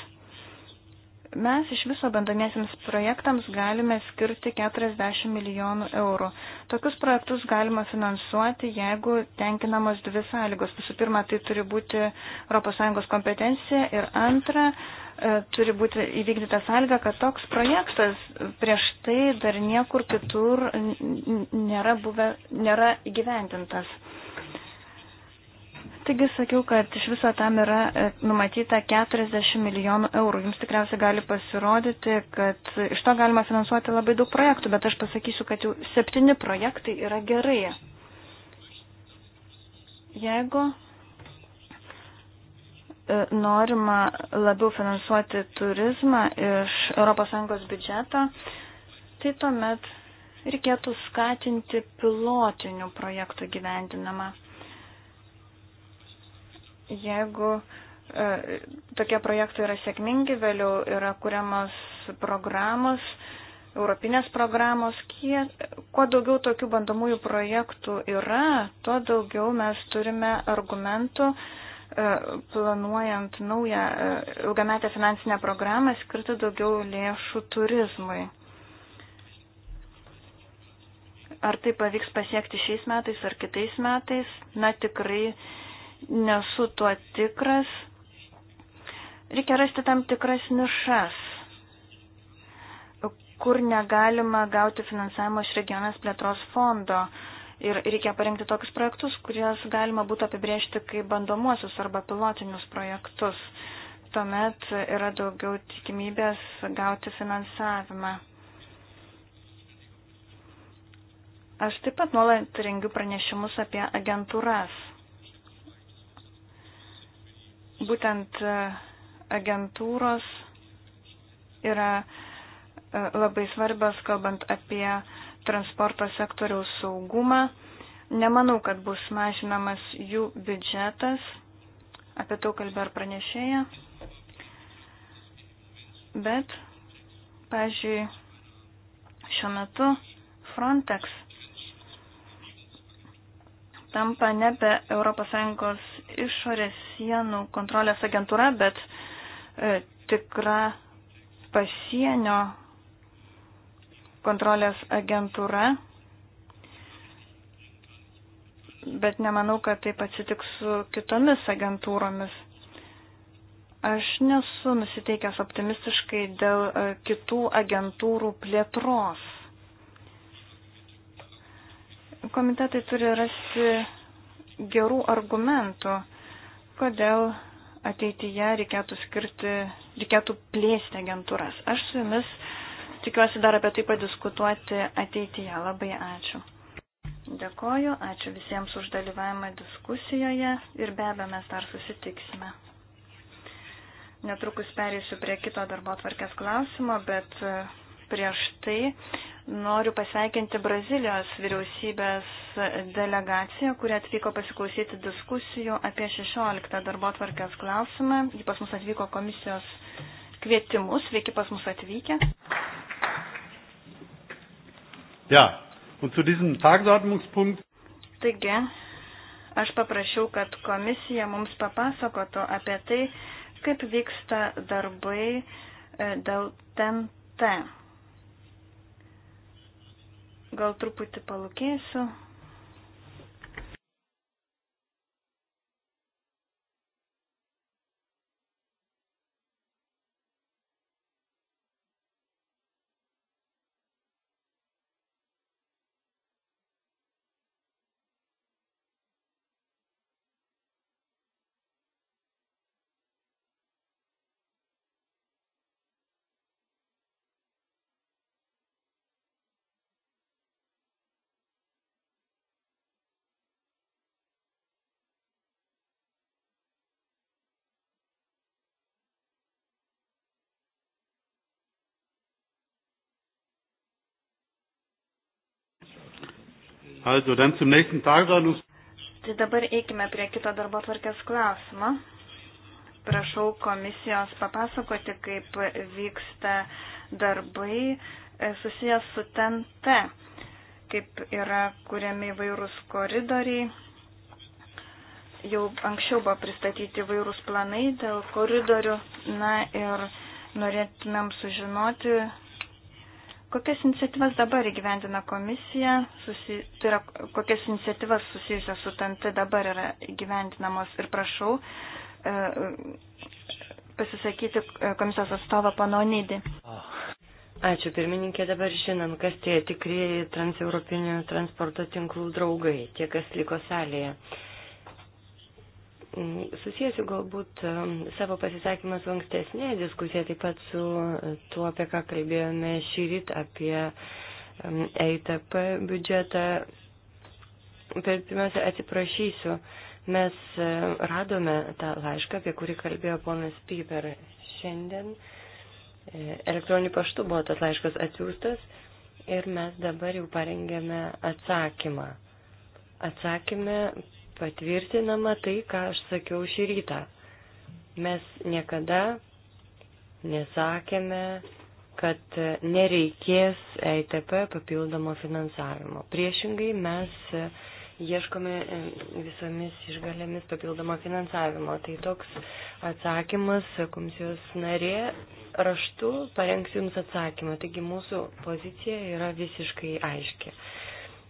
Mes iš viso bandomiesiams projektams galime skirti 40 milijonų eurų. Tokius projektus galima finansuoti, jeigu tenkinamos dvi sąlygos. Visų pirma, tai turi būti ES kompetencija ir antra, e, turi būti įvykdyta sąlyga, kad toks projektas prieš tai dar niekur kitur nėra, buvę, nėra įgyvendintas. Taigi sakiau, kad iš viso tam yra e, numatyta 40 milijonų eurų. Jums tikriausiai gali pasirodyti, kad iš to galima finansuoti labai daug projektų, bet aš pasakysiu, kad jau septyni projektai yra gerai. Jeigu e, norima labiau finansuoti turizmą iš ES biudžeto, tai tuomet reikėtų skatinti pilotinių projektų gyvendinamą. Jeigu e, tokie projektai yra sėkmingi, vėliau yra kuriamas programos, europinės programos, kie, kuo daugiau tokių bandomųjų projektų yra, tuo daugiau mes turime argumentų e, planuojant naują e, ilgametę finansinę programą skirti daugiau lėšų turizmui ar tai pavyks pasiekti šiais metais ar kitais metais, na tikrai nesu tuo tikras. Reikia rasti tam tikras nišas, kur negalima gauti finansavimo iš regionės plėtros fondo. Ir reikia parengti tokius projektus, kurias galima būtų apibriežti kaip bandomuosius arba pilotinius projektus. Tuomet yra daugiau tikimybės gauti finansavimą. Aš taip pat nuolat rengiu pranešimus apie agentūras būtent e, agentūros yra e, labai svarbios, kalbant apie transporto sektoriaus saugumą. Nemanau, kad bus mažinamas jų biudžetas. Apie tai kalbėjo ir pranešėja. Bet, pažiūrėjau, šiuo metu Frontex tampa nebe ES išorės sienų kontrolės agentūra, bet e, tikra pasienio kontrolės agentūra. Bet nemanau, kad taip atsitiks su kitomis agentūromis. Aš nesu nusiteikęs optimistiškai dėl e, kitų agentūrų plėtros komitetai turi rasti gerų argumentų, kodėl ateityje reikėtų skirti, reikėtų plėsti agentūras. Aš su jumis tikiuosi dar apie tai padiskutuoti ateityje. Labai ačiū. Dėkoju, ačiū visiems už dalyvavimą diskusijoje ir be abejo mes dar susitiksime. Netrukus perėsiu prie kito darbo tvarkės klausimo, bet prieš tai noriu pasveikinti Brazilijos vyriausybės delegaciją, kuri atvyko pasiklausyti diskusijų apie 16 darbo tvarkės klausimą. Ji pas mus atvyko komisijos kvietimus. Sveiki pas mus atvykę. Ja, und zu diesem Tagesordnungspunkt. Taigi, aš paprašiau, kad komisija mums papasakotų apie tai, kaip vyksta darbai e, dėl TNT. Gal truputį palūkėsiu, Also, dann zum nächsten Tagesordnungspunkt. Tai dabar eikime prie kito darbo tvarkės klausimo. Prašau komisijos papasakoti, kaip vyksta darbai e, susijęs su TNT, kaip yra kuriami vairūs koridoriai. Jau anksčiau buvo pristatyti vairūs planai dėl koridorių. Na ir norėtumėm sužinoti, Kokias iniciatyvas dabar įgyvendina komisija, susi, tai yra kokias iniciatyvas susijusios su TNT dabar yra įgyvendinamos ir prašau e, pasisakyti e, komisijos atstovą Panonidį. Ačiū pirmininkė, dabar žinom, kas tie tikrieji transeuropinių transporto tinklų draugai, tie, kas liko salėje. E, Susijęsiu galbūt savo pasisakymą su ankstesnė diskusija, taip pat su tuo, apie ką kalbėjome šį rytą, apie EITP e biudžetą. Bet pirmiausia, atsiprašysiu, mes e, radome tą laišką, apie kurį kalbėjo ponas Piper šiandien. E, elektroniniu paštu buvo tas laiškas atsiųstas ir mes dabar jau parengėme atsakymą. Atsakymė patvirtinama tai, ką aš sakiau šį rytą. Mes niekada nesakėme, kad nereikės EITP papildomo finansavimo. Priešingai mes ieškome e, visomis išgalėmis papildomo finansavimo. Tai toks atsakymas, komisijos narė, raštu parengs jums atsakymą. Taigi mūsų pozicija yra visiškai aiški.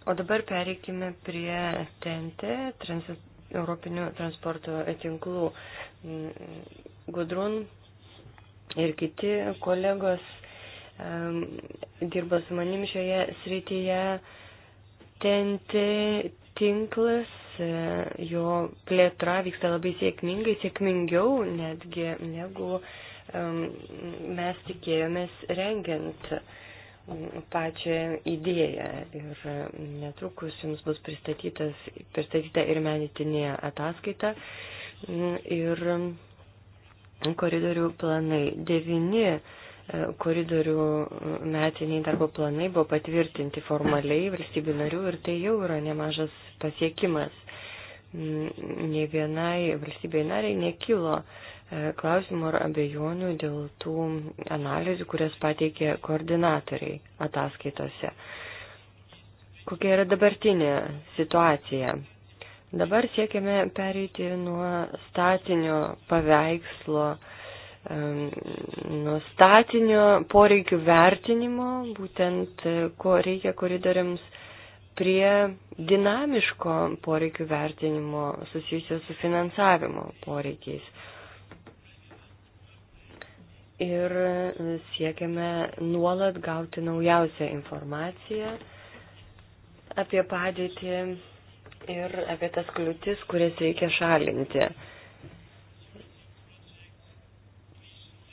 O dabar pereikime prie TNT, trans, Europinių transporto tinklų. Mm, Gudrun ir kiti kolegos um, dirba su manim šioje srityje. TNT tinklas, e, jo plėtra vyksta labai sėkmingai, sėkmingiau netgi negu um, mes tikėjomės rengiant. Uh, pačią idėją ir netrukus jums bus pristatyta ir medytinė ataskaita ir koridorių planai. Devini e, koridorių e, metiniai darbo planai buvo patvirtinti formaliai valstybių narių ir tai jau yra nemažas pasiekimas. Ne vienai valstybei nariai nekilo E, klausimų ar abejonių dėl tų analizių, kurias pateikė koordinatoriai ataskaitose. Kokia yra dabartinė situacija? Dabar siekiame pereiti nuo statinio paveikslo, e, nuo statinio poreikių vertinimo, būtent e, ko reikia koridoriams, prie dinamiško poreikių vertinimo susijusio su finansavimo poreikiais ir e, siekiame nuolat gauti naujausią informaciją apie padėtį ir apie tas kliūtis, kurias reikia šalinti.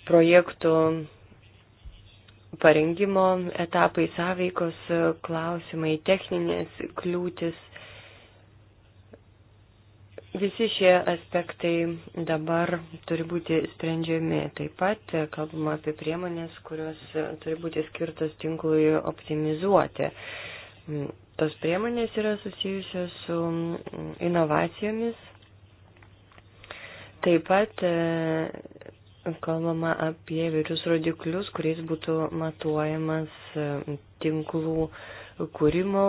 Projektų parengimo etapai, sąveikos e, klausimai, techninės kliūtis Visi šie aspektai dabar turi būti sprendžiami. Taip pat kalbama apie priemonės, kurios turi būti skirtos tinklui optimizuoti. Tos priemonės yra susijusios su inovacijomis. Taip pat e, kalbama apie vairius rodiklius, kuriais būtų matuojamas e, tinklų kūrimo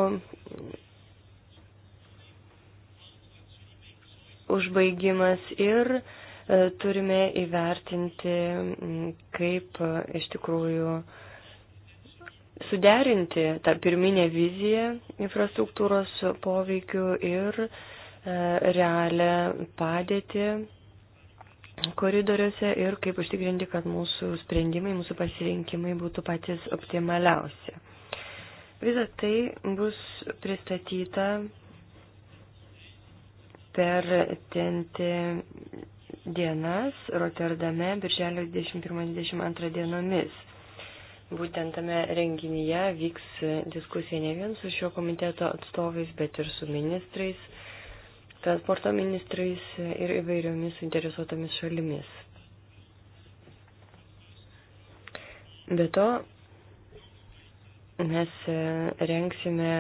užbaigimas ir e, turime įvertinti, kaip e, iš tikrųjų suderinti tą pirminę viziją infrastruktūros poveikių ir e, realią padėtį koridoriuose ir kaip užtikrinti, kad mūsų sprendimai, mūsų pasirinkimai būtų patys optimaliausi. Visa tai bus pristatyta per tentį dienas Rotterdame, birželio 21-22 dienomis. Būtent tame renginyje vyks diskusija ne vien su šio komiteto atstovais, bet ir su ministrais, transporto ministrais ir įvairiomis suinteresuotomis šalimis. Be to, mes rengsime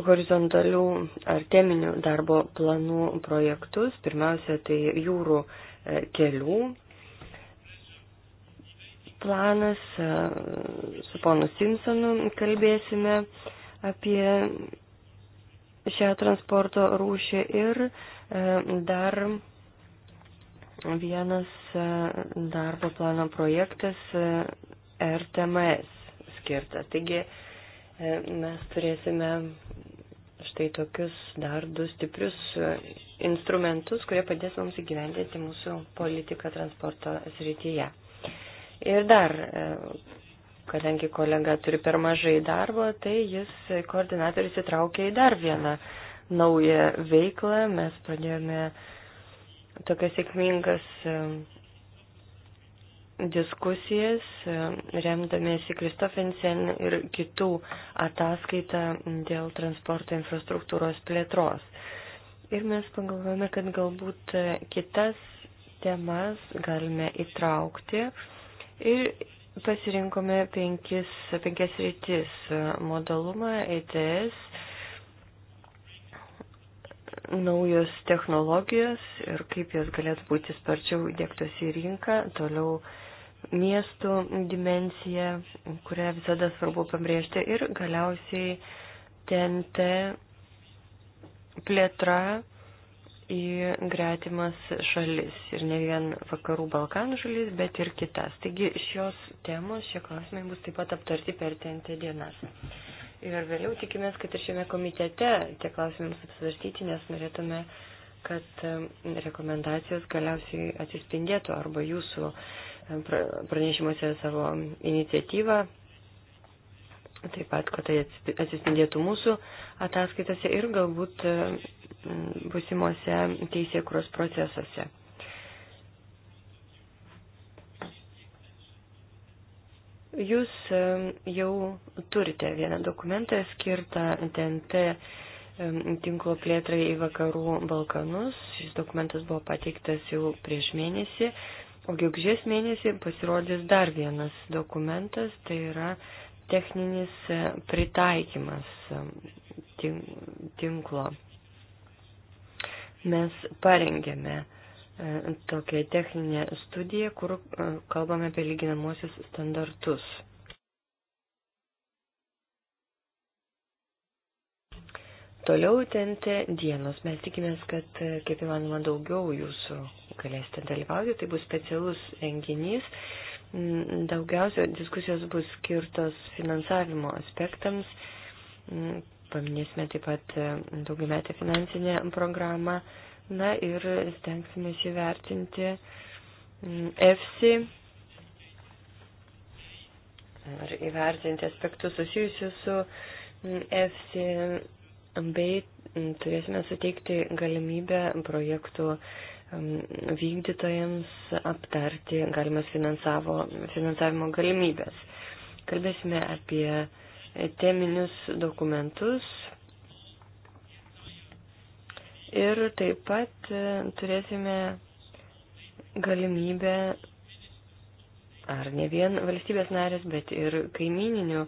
horizontalių ar teminių darbo planų projektus. Pirmiausia, tai jūrų e, kelių planas. E, su ponu Simpsonu kalbėsime apie šią transporto rūšį ir e, dar vienas darbo plano projektas RTMS skirtas. Taigi mes turėsime štai tokius dar du stiprius e, instrumentus, kurie padės mums įgyvendinti mūsų politiką transporto srityje. Ir dar, e, kadangi kolega turi per mažai darbo, tai jis e, koordinatorius įtraukė į dar vieną naują veiklą. Mes pradėjome tokias sėkmingas diskusijas, e, remdamėsi Kristofensen ir kitų ataskaitą dėl transporto infrastruktūros plėtros. Ir mes pagalvojame, kad galbūt e, kitas temas galime įtraukti ir pasirinkome penkis, penkias rytis - modalumą, ETS, naujos technologijos ir kaip jos galės būti sparčiau įdėktos į rinką, toliau miestų dimensiją, kurią visada svarbu pabrėžti ir galiausiai TNT plėtra į gretimas šalis ir ne vien vakarų Balkanų šalis, bet ir kitas. Taigi šios temos, šie klausimai bus taip pat aptarti per TNT dienas. Ir vėliau tikimės, kad ir šiame komitete tie klausimai bus apsvarstyti, nes norėtume, kad um, rekomendacijos galiausiai atsispindėtų arba jūsų pranešimuose savo iniciatyvą, taip pat, kad tai atsispindėtų mūsų ataskaitose ir galbūt e, busimuose teisėkuros procesuose. Jūs e, jau turite vieną dokumentą skirtą TNT e, tinklo plėtrai į vakarų Balkanus. Šis dokumentas buvo pateiktas jau prieš mėnesį. O gegužės mėnesį pasirodys dar vienas dokumentas, tai yra techninis e, pritaikymas e, tinklo. Mes parengėme e, tokią techninę studiją, kur kalbame apie lyginamosius standartus. Toliau tente dienos. Mes tikimės, kad kaip įmanoma daugiau jūsų galėsite dalyvauti. Tai bus specialus renginys. Mm, daugiausia diskusijos bus skirtos finansavimo aspektams. Mm, paminėsime taip pat e, daugiametę finansinę programą. Na ir stengsime įvertinti EFSI mm, ir įvertinti aspektus susijusius su EFSI bei turėsime suteikti galimybę projektų vykdytojams aptarti galimas finansavimo galimybės. Kalbėsime apie teminius dokumentus ir taip pat e, turėsime galimybę ar ne vien valstybės narės, bet ir kaimininių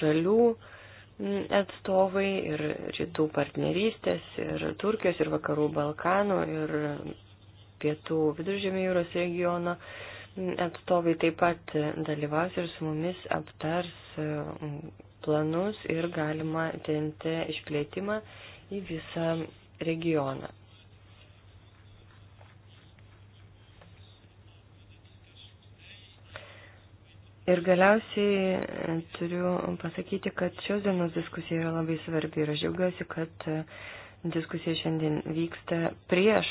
šalių atstovai ir rytų partnerystės, ir Turkijos, ir vakarų Balkanų, ir pietų viduržėmio jūros regiono atstovai taip pat dalyvaus ir su mumis aptars planus ir galima TNT išplėtimą į visą regioną. Ir galiausiai e, turiu pasakyti, kad šios dienos diskusija yra labai svarbi ir aš džiaugiuosi, kad e, diskusija šiandien vyksta prieš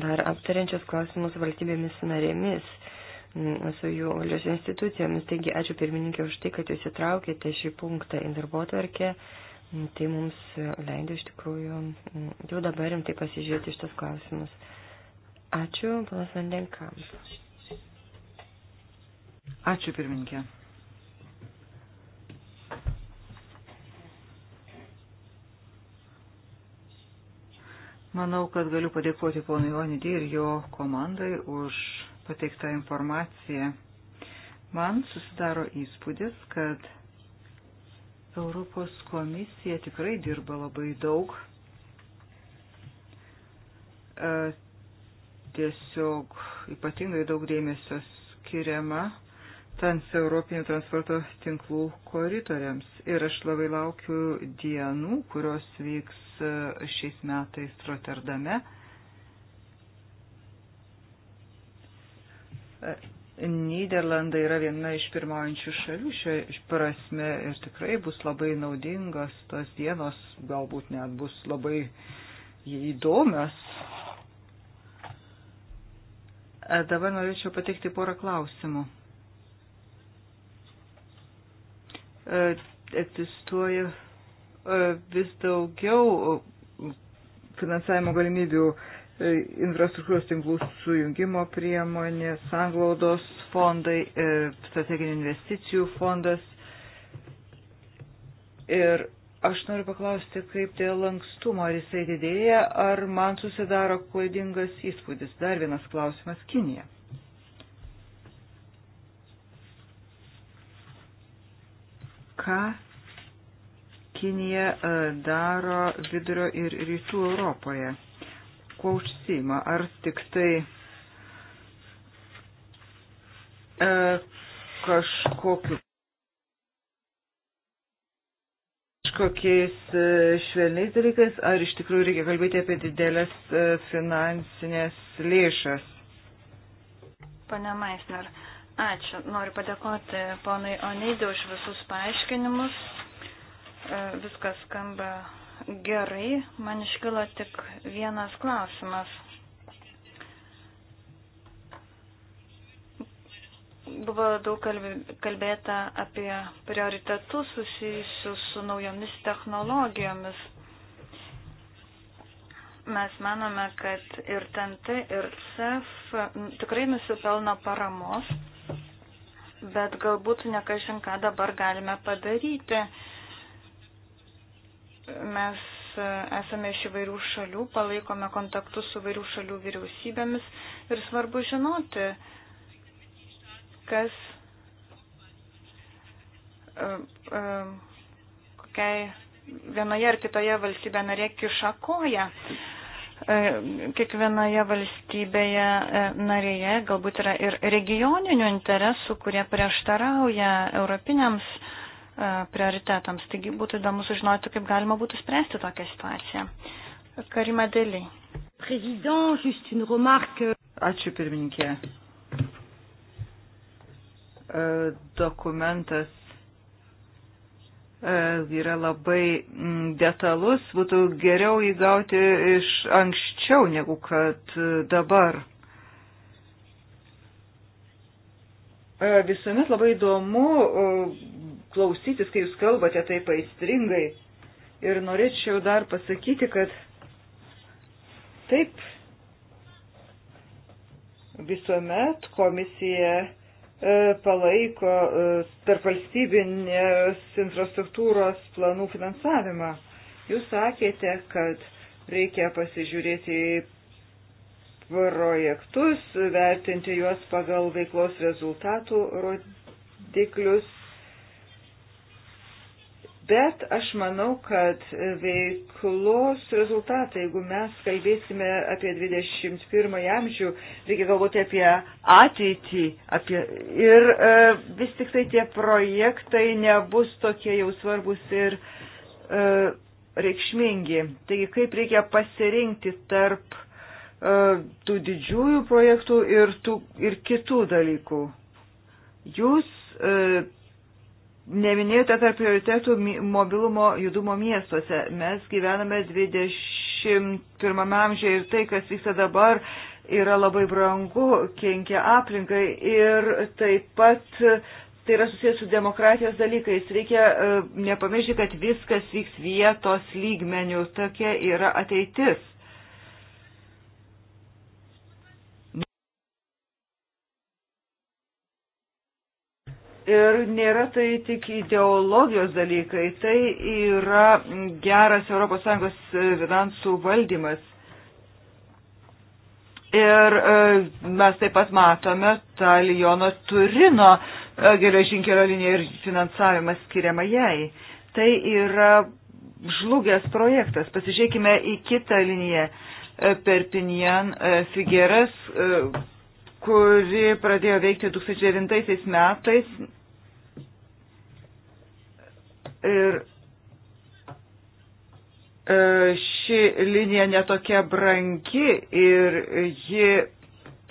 dar aptariančios klausimus valstybėmis narėmis mm, su jų valios institucijomis. Taigi, ačiū pirmininkė už tai, kad jūs įtraukėte šį punktą į darbo tvarkę. Mm, tai mums leido iš tikrųjų mm, jau dabar rimtai pasižiūrėti šitas klausimus. Ačiū, panas Vandenka. Ačiū, pirmininkė. Manau, kad galiu padėkoti ponui Jonidį ir jo komandai už pateiktą informaciją. Man susidaro įspūdis, kad Europos komisija tikrai dirba labai daug. E, tiesiog ypatingai daug dėmesio skiriama transeuropinių transporto tinklų koridoriams. Ir aš labai laukiu dienų, kurios vyks šiais metais Rotterdame. Niderlandai yra viena iš pirmaujančių šalių šio prasme ir tikrai bus labai naudingas tos dienos, galbūt net bus labai įdomios. E, dabar norėčiau pateikti porą klausimų. E, egzistuoja E, vis daugiau e, finansavimo galimybių e, infrastruktūros tinklų sujungimo priemonė, sanglaudos fondai, strateginių investicijų fondas. Ir aš noriu paklausti, kaip dėl lankstumo, ar jisai didėja, ar man susidaro klaidingas įspūdis. Dar vienas klausimas - Kinija. Ką Kinija e, daro vidurio ir rytų Europoje? Kuo užsima? Ar tik tai e, kažkokiu kažkokiais e, švelniais dalykais, ar iš tikrųjų reikia kalbėti apie didelės finansinės lėšas? Pane Maisner, ačiū. Noriu padėkoti ponai Oneidė už visus paaiškinimus. E, viskas skamba gerai. Man iškilo tik vienas klausimas. Buvo daug kalbėta apie prioritetus susijusius su naujomis technologijomis. Mes manome, kad ir TNT, ir CEF tikrai nusipelno paramos, bet galbūt nekažin ką dabar galime padaryti Mes e, esame iš įvairių šalių, palaikome kontaktus su įvairių šalių vyriausybėmis ir svarbu žinoti, kas e, e, kokiai vienoje ar kitoje valstybė narė kiša koją. Kiekvienoje valstybėje narėje galbūt yra ir regioninių interesų, kurie prieštarauja europiniams uh, E, prioritetams. Taigi būtų įdomu sužinoti, kaip galima būtų spręsti tokią situaciją. Karima Deliai. Ačiū pirmininkė. E, dokumentas e, yra labai detalus, būtų geriau įgauti iš anksčiau negu kad dabar. Visuomet labai įdomu klausytis, kai jūs kalbate taip aistringai. Ir norėčiau dar pasakyti, kad taip visuomet komisija e, palaiko e, tarp valstybinės infrastruktūros planų finansavimą. Jūs sakėte, kad reikia pasižiūrėti projektus, vertinti juos pagal veiklos rezultatų rodiklius Bet aš manau, kad veiklos rezultatai, jeigu mes kalbėsime apie 21 amžių, reikia galvoti apie ateitį. Apie, ir e, vis tik tai tie projektai nebus tokie jau svarbus ir e, reikšmingi. Taigi kaip reikia pasirinkti tarp e, tų didžiųjų projektų ir, tų, ir kitų dalykų. Jūs e, Neminėjote tarp prioritetų mobilumo judumo miestuose. Mes gyvename 21 amžiuje ir tai, kas vyksta dabar, yra labai brangu, kenkia aplinkai ir taip pat tai yra susijęs su demokratijos dalykais. Reikia e, nepamiršti, kad viskas vyks vietos lygmenių. Tokia yra ateitis. Ir nėra tai tik ideologijos dalykai, tai yra geras ES e, finansų valdymas. Ir e, mes taip pat matome tą Liono Turino e, geležinkelio liniją ir finansavimą skiriamą jai. Tai yra žlugęs projektas. Pasižiūrėkime į kitą liniją. Perpinjan Figueres kuri pradėjo veikti 2009 metais ir e, ši linija netokia brangi ir ji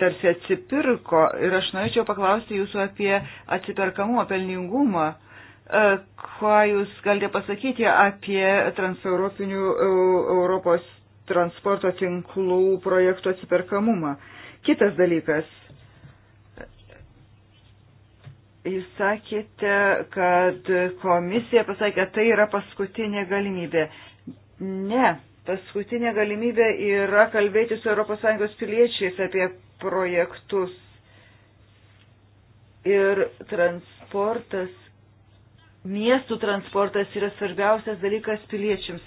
tarsi atsipirko ir aš norėčiau paklausti jūsų apie atsiperkamumą, pelningumą. E, ką jūs galite pasakyti apie transeuropinių e, Europos transporto tinklų projektų atsiperkamumą? Kitas dalykas. Jūs sakėte, kad komisija pasakė, tai yra paskutinė galimybė. Ne, paskutinė galimybė yra kalbėti su ES piliečiais apie projektus. Ir transportas, miestų transportas yra svarbiausias dalykas piliečiams.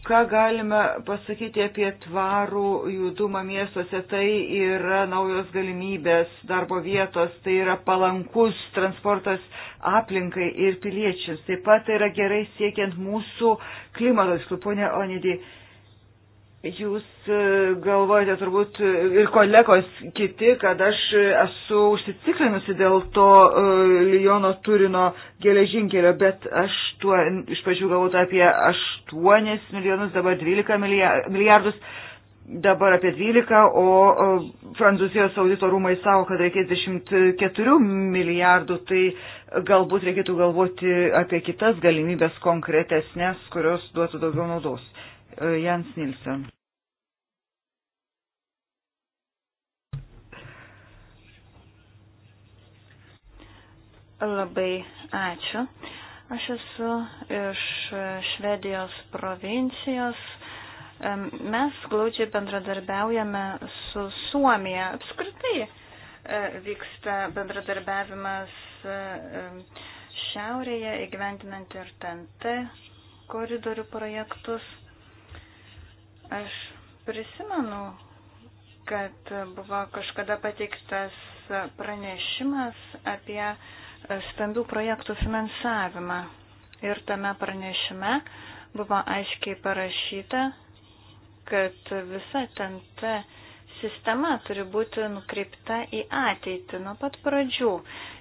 Ką galime pasakyti apie tvarų judumą miestuose, tai yra naujos galimybės, darbo vietos, tai yra palankus transportas aplinkai ir piliečiams. Taip pat tai yra gerai siekiant mūsų klimato tikslų. Pone Onidį, Jūs e, galvojate turbūt e, ir kolegos kiti, kad aš esu užsitikrinusi dėl to e, Lijono turino geležinkelio, bet aš tuo iš pačių galvoju apie 8 milijonus, dabar 12 milijardus, dabar apie 12, o Prancūzijos audito rūmai savo, kad reikės 24 milijardų, tai galbūt reikėtų galvoti apie kitas galimybės konkretesnės, kurios duotų daugiau naudos. E, Jans Nilsen. Labai ačiū. Aš esu iš Švedijos provincijos. Mes glaudžiai bendradarbiaujame su Suomija. Apskritai e, vyksta bendradarbiavimas e, šiaurėje, įgyventinant ir TNT koridorių projektus. Aš prisimenu, kad buvo kažkada pateiktas pranešimas apie stambių projektų finansavimą. Ir tame pranešime buvo aiškiai parašyta, kad visa TNT sistema turi būti nukreipta į ateitį nuo pat pradžių.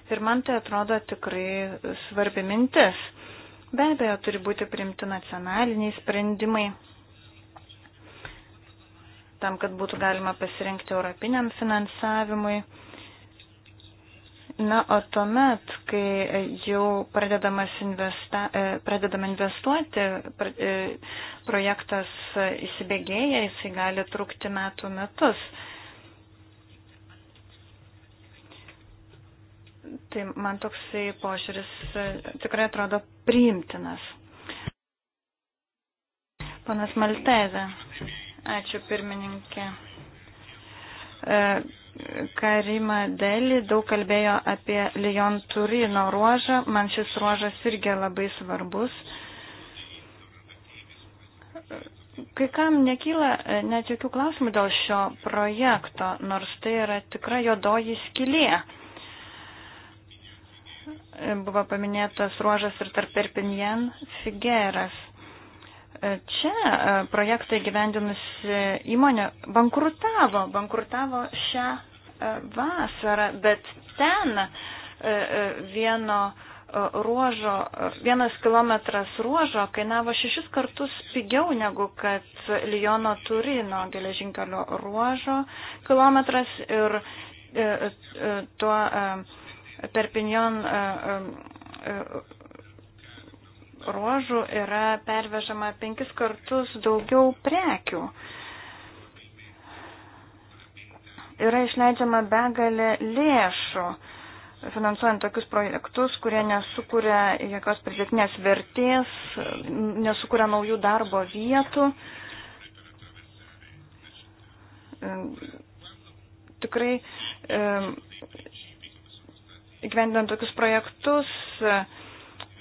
Ir man tai atrodo tikrai svarbi mintis. Be abejo, turi būti priimti nacionaliniai sprendimai, tam, kad būtų galima pasirinkti europiniam finansavimui. Na, o tuomet, kai jau pradedamas investa, e, pradedam investuoti, e, projektas įsibėgėja, jisai gali trukti metų metus. Tai man toksai požiūris e, tikrai atrodo priimtinas. Panas Maltezė. Ačiū pirmininkė. E, Karima Deli daug kalbėjo apie Lyon Turino ruožą. Man šis ruožas irgi labai svarbus. Kai kam nekyla e, net jokių klausimų dėl šio projekto, nors tai yra tikra jodoji skilė. E, buvo paminėtas ruožas ir tarp Perpinjen Figueras. Čia e, projektą įgyvendinusi įmonė bankrutavo, bankrutavo šią e, vasarą, bet ten e, vieno ruožo, vienas kilometras ruožo kainavo šešis kartus pigiau negu kad Lijono Turino geležinkelio ruožo kilometras ir tuo Perpignon ruožų yra pervežama penkis kartus daugiau prekių. Yra išleidžiama begalė lėšų, finansuojant tokius projektus, kurie nesukuria jokios pridėtinės vertės, nesukuria naujų darbo vietų. Tikrai įgyvendinant tokius projektus,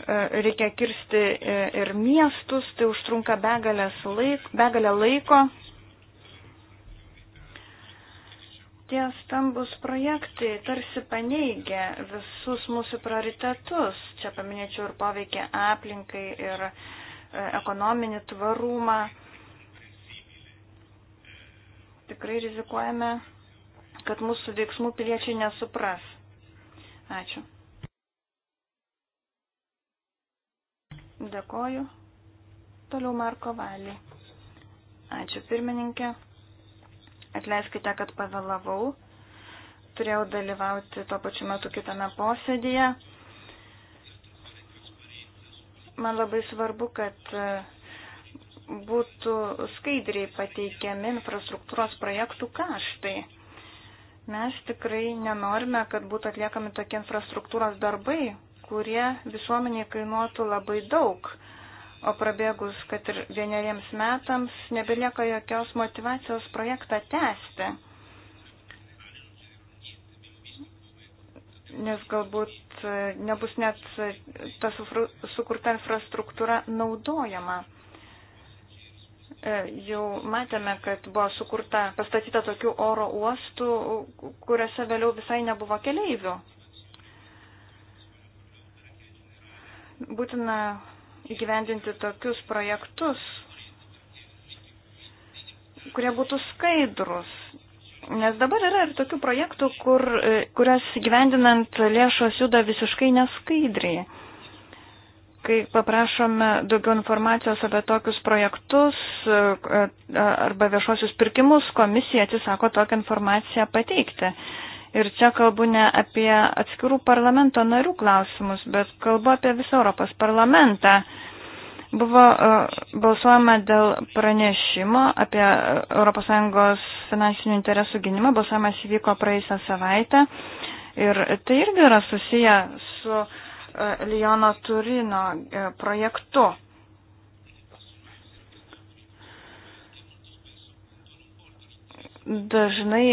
E, reikia kirsti e, ir miestus, tai užtrunka laik, begalę laiko. Tie stambus projektai tarsi paneigia visus mūsų prioritetus. Čia paminėčiau ir poveikia aplinkai, ir e, ekonominį tvarumą. Tikrai rizikuojame, kad mūsų veiksmų piliečiai nesupras. Ačiū. Dėkoju. Toliau Marko Valį. Ačiū pirmininkė. Atleiskite, kad pavėlavau. Turėjau dalyvauti tuo pačiu metu kitame posėdėje. Man labai svarbu, kad e, būtų skaidriai pateikiami infrastruktūros projektų kaštai. Mes tikrai nenorime, kad būtų atliekami tokie infrastruktūros darbai, kurie visuomeniai kainuotų labai daug, o prabėgus, kad ir vieneriems metams, nebelieka jokios motivacijos projektą tęsti. Nes galbūt e, nebus net ta sukurta infrastruktūra naudojama e, jau matėme, kad buvo sukurta, pastatyta tokių oro uostų, kuriuose vėliau visai nebuvo keleivių. Būtina įgyvendinti tokius projektus, kurie būtų skaidrus. Nes dabar yra ir tokių projektų, kur, e, kurias gyvendinant lėšos juda visiškai neskaidriai. Kai paprašome daugiau informacijos apie tokius projektus e, e, arba viešuosius pirkimus, komisija atsisako tokią informaciją pateikti. Ir čia kalbu ne apie atskirų parlamento narių klausimus, bet kalbu apie visą Europos parlamentą. Buvo e, balsuojama dėl pranešimo apie ES finansinių interesų gynimą, balsuojamas įvyko praeisą savaitę ir tai irgi yra susiję su e, Liono Turino e, projektu. Dažnai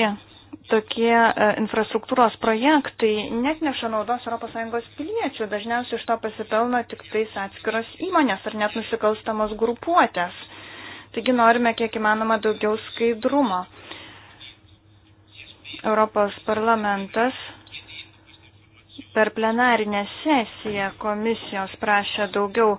tokie e, infrastruktūros projektai net neša naudos ES piliečių, dažniausiai iš to pasipelno tik tais atskiros įmonės ar net nusikalstamos grupuotės. Taigi norime kiek įmanoma daugiau skaidrumo. Europos parlamentas per plenarinę sesiją komisijos prašė daugiau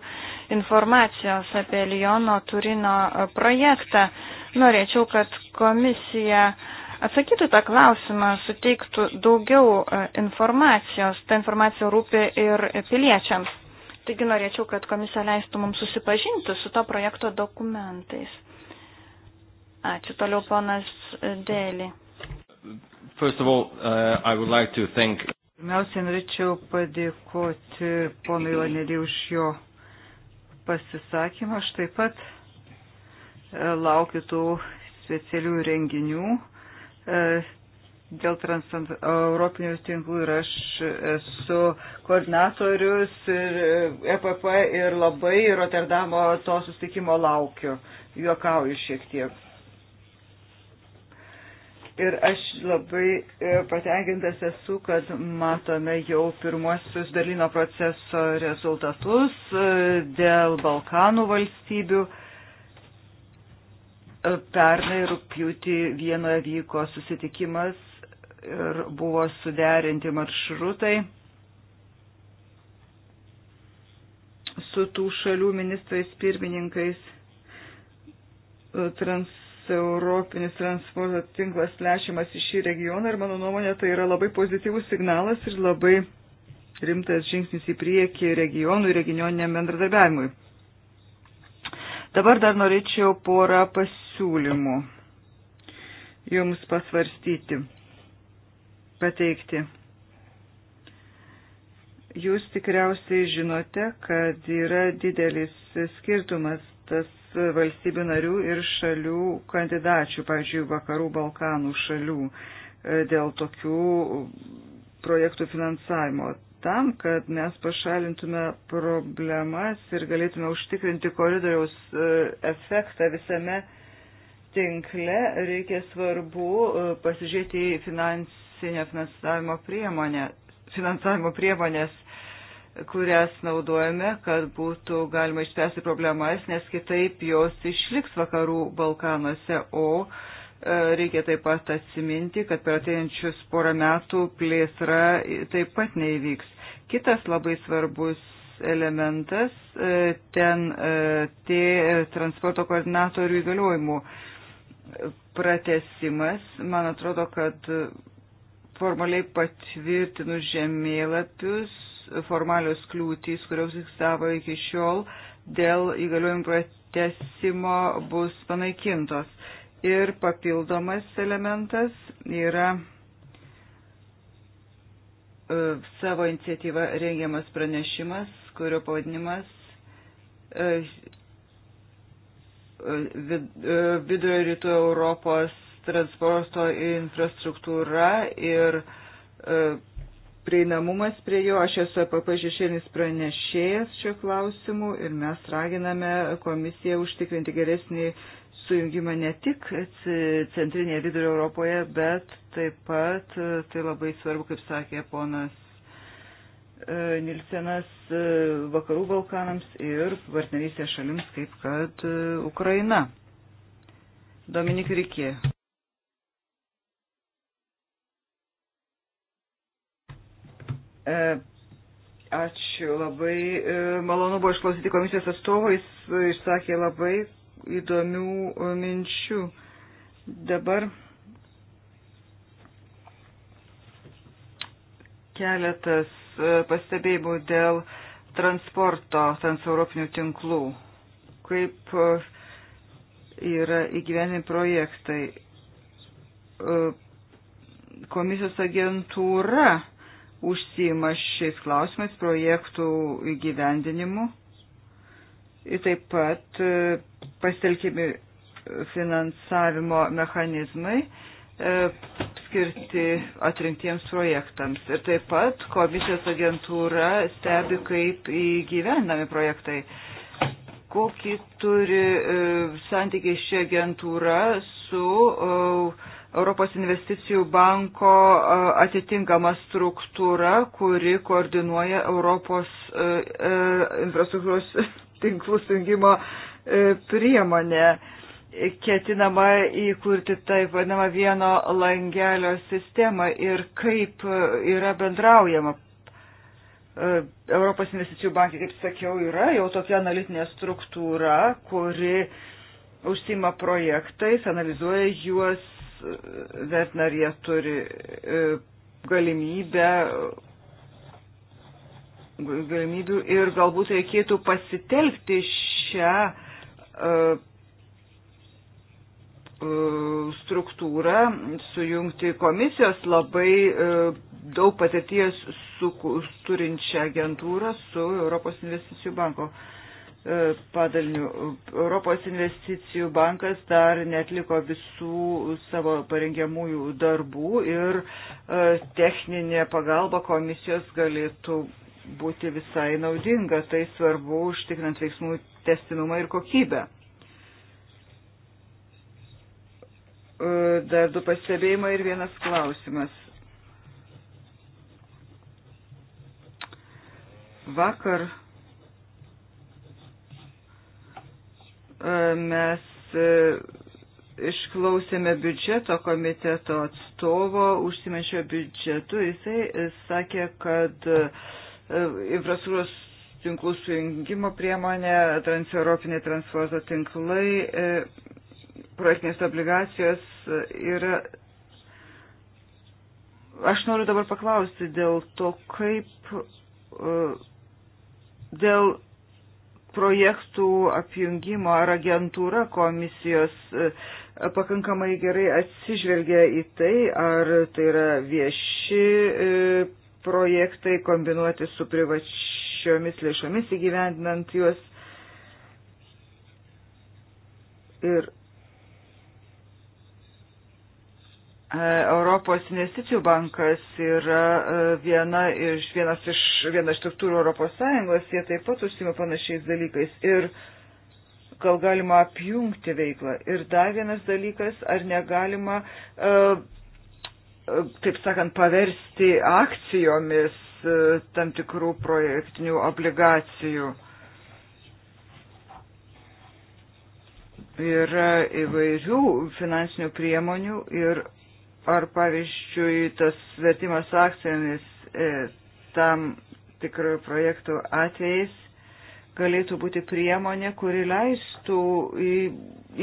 informacijos apie Liono Turino projektą. Norėčiau, kad komisija uh, atsakytų tą klausimą, suteiktų daugiau e, informacijos. Ta informacija rūpi ir piliečiams. Taigi norėčiau, kad komisija leistų mums susipažinti su to projekto dokumentais. Ačiū toliau, ponas Dėlį. Uh, like thank... Pirmiausia, norėčiau padėkoti ponui Lanelį už jo pasisakymą. Aš taip pat e, laukiu tų specialių renginių E, dėl transeuropinių tinklų ir aš esu koordinatorius ir EPP e ir labai Rotterdamo to sustikimo laukiu. Juokauju šiek tiek. Ir aš labai e, patenkintas esu, kad matome jau pirmuosius Berlyno proceso rezultatus dėl Balkanų valstybių Pernai rūpjūtį vienoje vyko susitikimas ir buvo suderinti maršrutai su tų šalių ministrais pirmininkais. Transeuropinis transporto tinklas lešiamas į šį regioną ir mano nuomonė tai yra labai pozityvus signalas ir labai rimtas žingsnis į priekį regionų ir regioniniam bendradarbiavimui. Dabar dar norėčiau porą pasiūlymų pasiūlymų jums pasvarstyti, pateikti. Jūs tikriausiai žinote, kad yra didelis skirtumas tas valstybių narių ir šalių kandidačių, pavyzdžiui, vakarų Balkanų šalių e, dėl tokių projektų finansavimo. Tam, kad mes pašalintume problemas ir galėtume užtikrinti koridoriaus e, efektą visame tinkle reikia svarbu e, pasižiūrėti į finansinę finansavimo priemonę, finansavimo priemonės, kurias naudojame, kad būtų galima išspręsti problemas, nes kitaip jos išliks vakarų Balkanuose, o e, reikia taip pat atsiminti, kad per ateinančius porą metų plėsra taip pat neįvyks. Kitas labai svarbus elementas e, ten T transporto koordinatorių įgaliojimų pratesimas, man atrodo, kad formaliai patvirtinus žemėlapius, formalios kliūtys, kurios egzistavo iki šiol, dėl įgaliojimų pratesimo bus panaikintos. Ir papildomas elementas yra e, savo iniciatyvą rengiamas pranešimas, kurio pavadinimas e, E, vidurio rytų Europos transporto infrastruktūra ir e, prieinamumas prie jo. Aš esu APP e šešėlis pranešėjas šio klausimu ir mes raginame komisiją užtikrinti geresnį sujungimą ne tik centrinėje vidurio Europoje, bet taip pat tai labai svarbu, kaip sakė ponas E, Nilsenas e, vakarų Balkanams ir partnerystės šalims, kaip kad e, Ukraina. Dominik Rikė. Ačiū labai. Malonu buvo išklausyti komisijos atstovo, jis išsakė labai įdomių minčių. Dabar keletas E, pastebėjimų dėl transporto transeuropinių tinklų. Kaip e, yra įgyvenim projektai. E, komisijos agentūra užsima šiais klausimais projektų įgyvendinimu ir taip pat pasitelkimi finansavimo mechanizmai E, skirti atrinktiems projektams. Ir taip pat komisijos agentūra stebi, kaip įgyvendami projektai. Kokį turi e, santykiai ši agentūra su e, Europos investicijų banko atitinkama struktūra, kuri koordinuoja Europos infrastruktūros tinklų sujungimo priemonę ketinama įkurti taip vadinamą vieno langelio sistemą ir kaip e, yra bendraujama. E, Europos investicijų bankai, kaip sakiau, yra jau tokia analitinė struktūra, kuri užsima projektais, analizuoja juos, e, vertina, ar jie turi galimybę galimybių ir galbūt reikėtų pasitelkti šią uh, E, struktūrą, sujungti komisijos labai e, daug patirties su, turinčią agentūrą su Europos investicijų banko e, padaliniu. Europos investicijų bankas dar netliko visų savo parengiamųjų darbų ir techninė pagalba komisijos galėtų būti visai naudinga. Tai svarbu užtikrinant veiksmų testinumą ir kokybę. E, dar du pastebėjimai ir vienas klausimas. Vakar e, mes e, išklausėme biudžeto komiteto atstovo užsimenčio biudžetu. Jisai sakė, kad infrastruktūros tinklų sujungimo priemonė, transeuropiniai transporto tinklai projektinės obligacijos e, yra. Aš noriu dabar paklausti dėl to, kaip e, dėl projektų apjungimo ar agentūra komisijos e, pakankamai gerai atsižvelgia į tai, ar tai yra vieši projektai kombinuoti su privačiomis lėšomis įgyvendinant juos. Ir E, Europos investicijų bankas yra e, viena iš, vienas iš, viena iš struktūrų Europos Sąjungos, jie taip pat užsima panašiais dalykais ir gal galima apjungti veiklą. Ir dar vienas dalykas, ar negalima, e, taip sakant, paversti akcijomis tam tikrų projektinių obligacijų. Yra įvairių finansinių priemonių ir ar pavyzdžiui tas vertimas akcijomis e, tam tikrų projektų atvejais galėtų būti priemonė, kuri leistų į,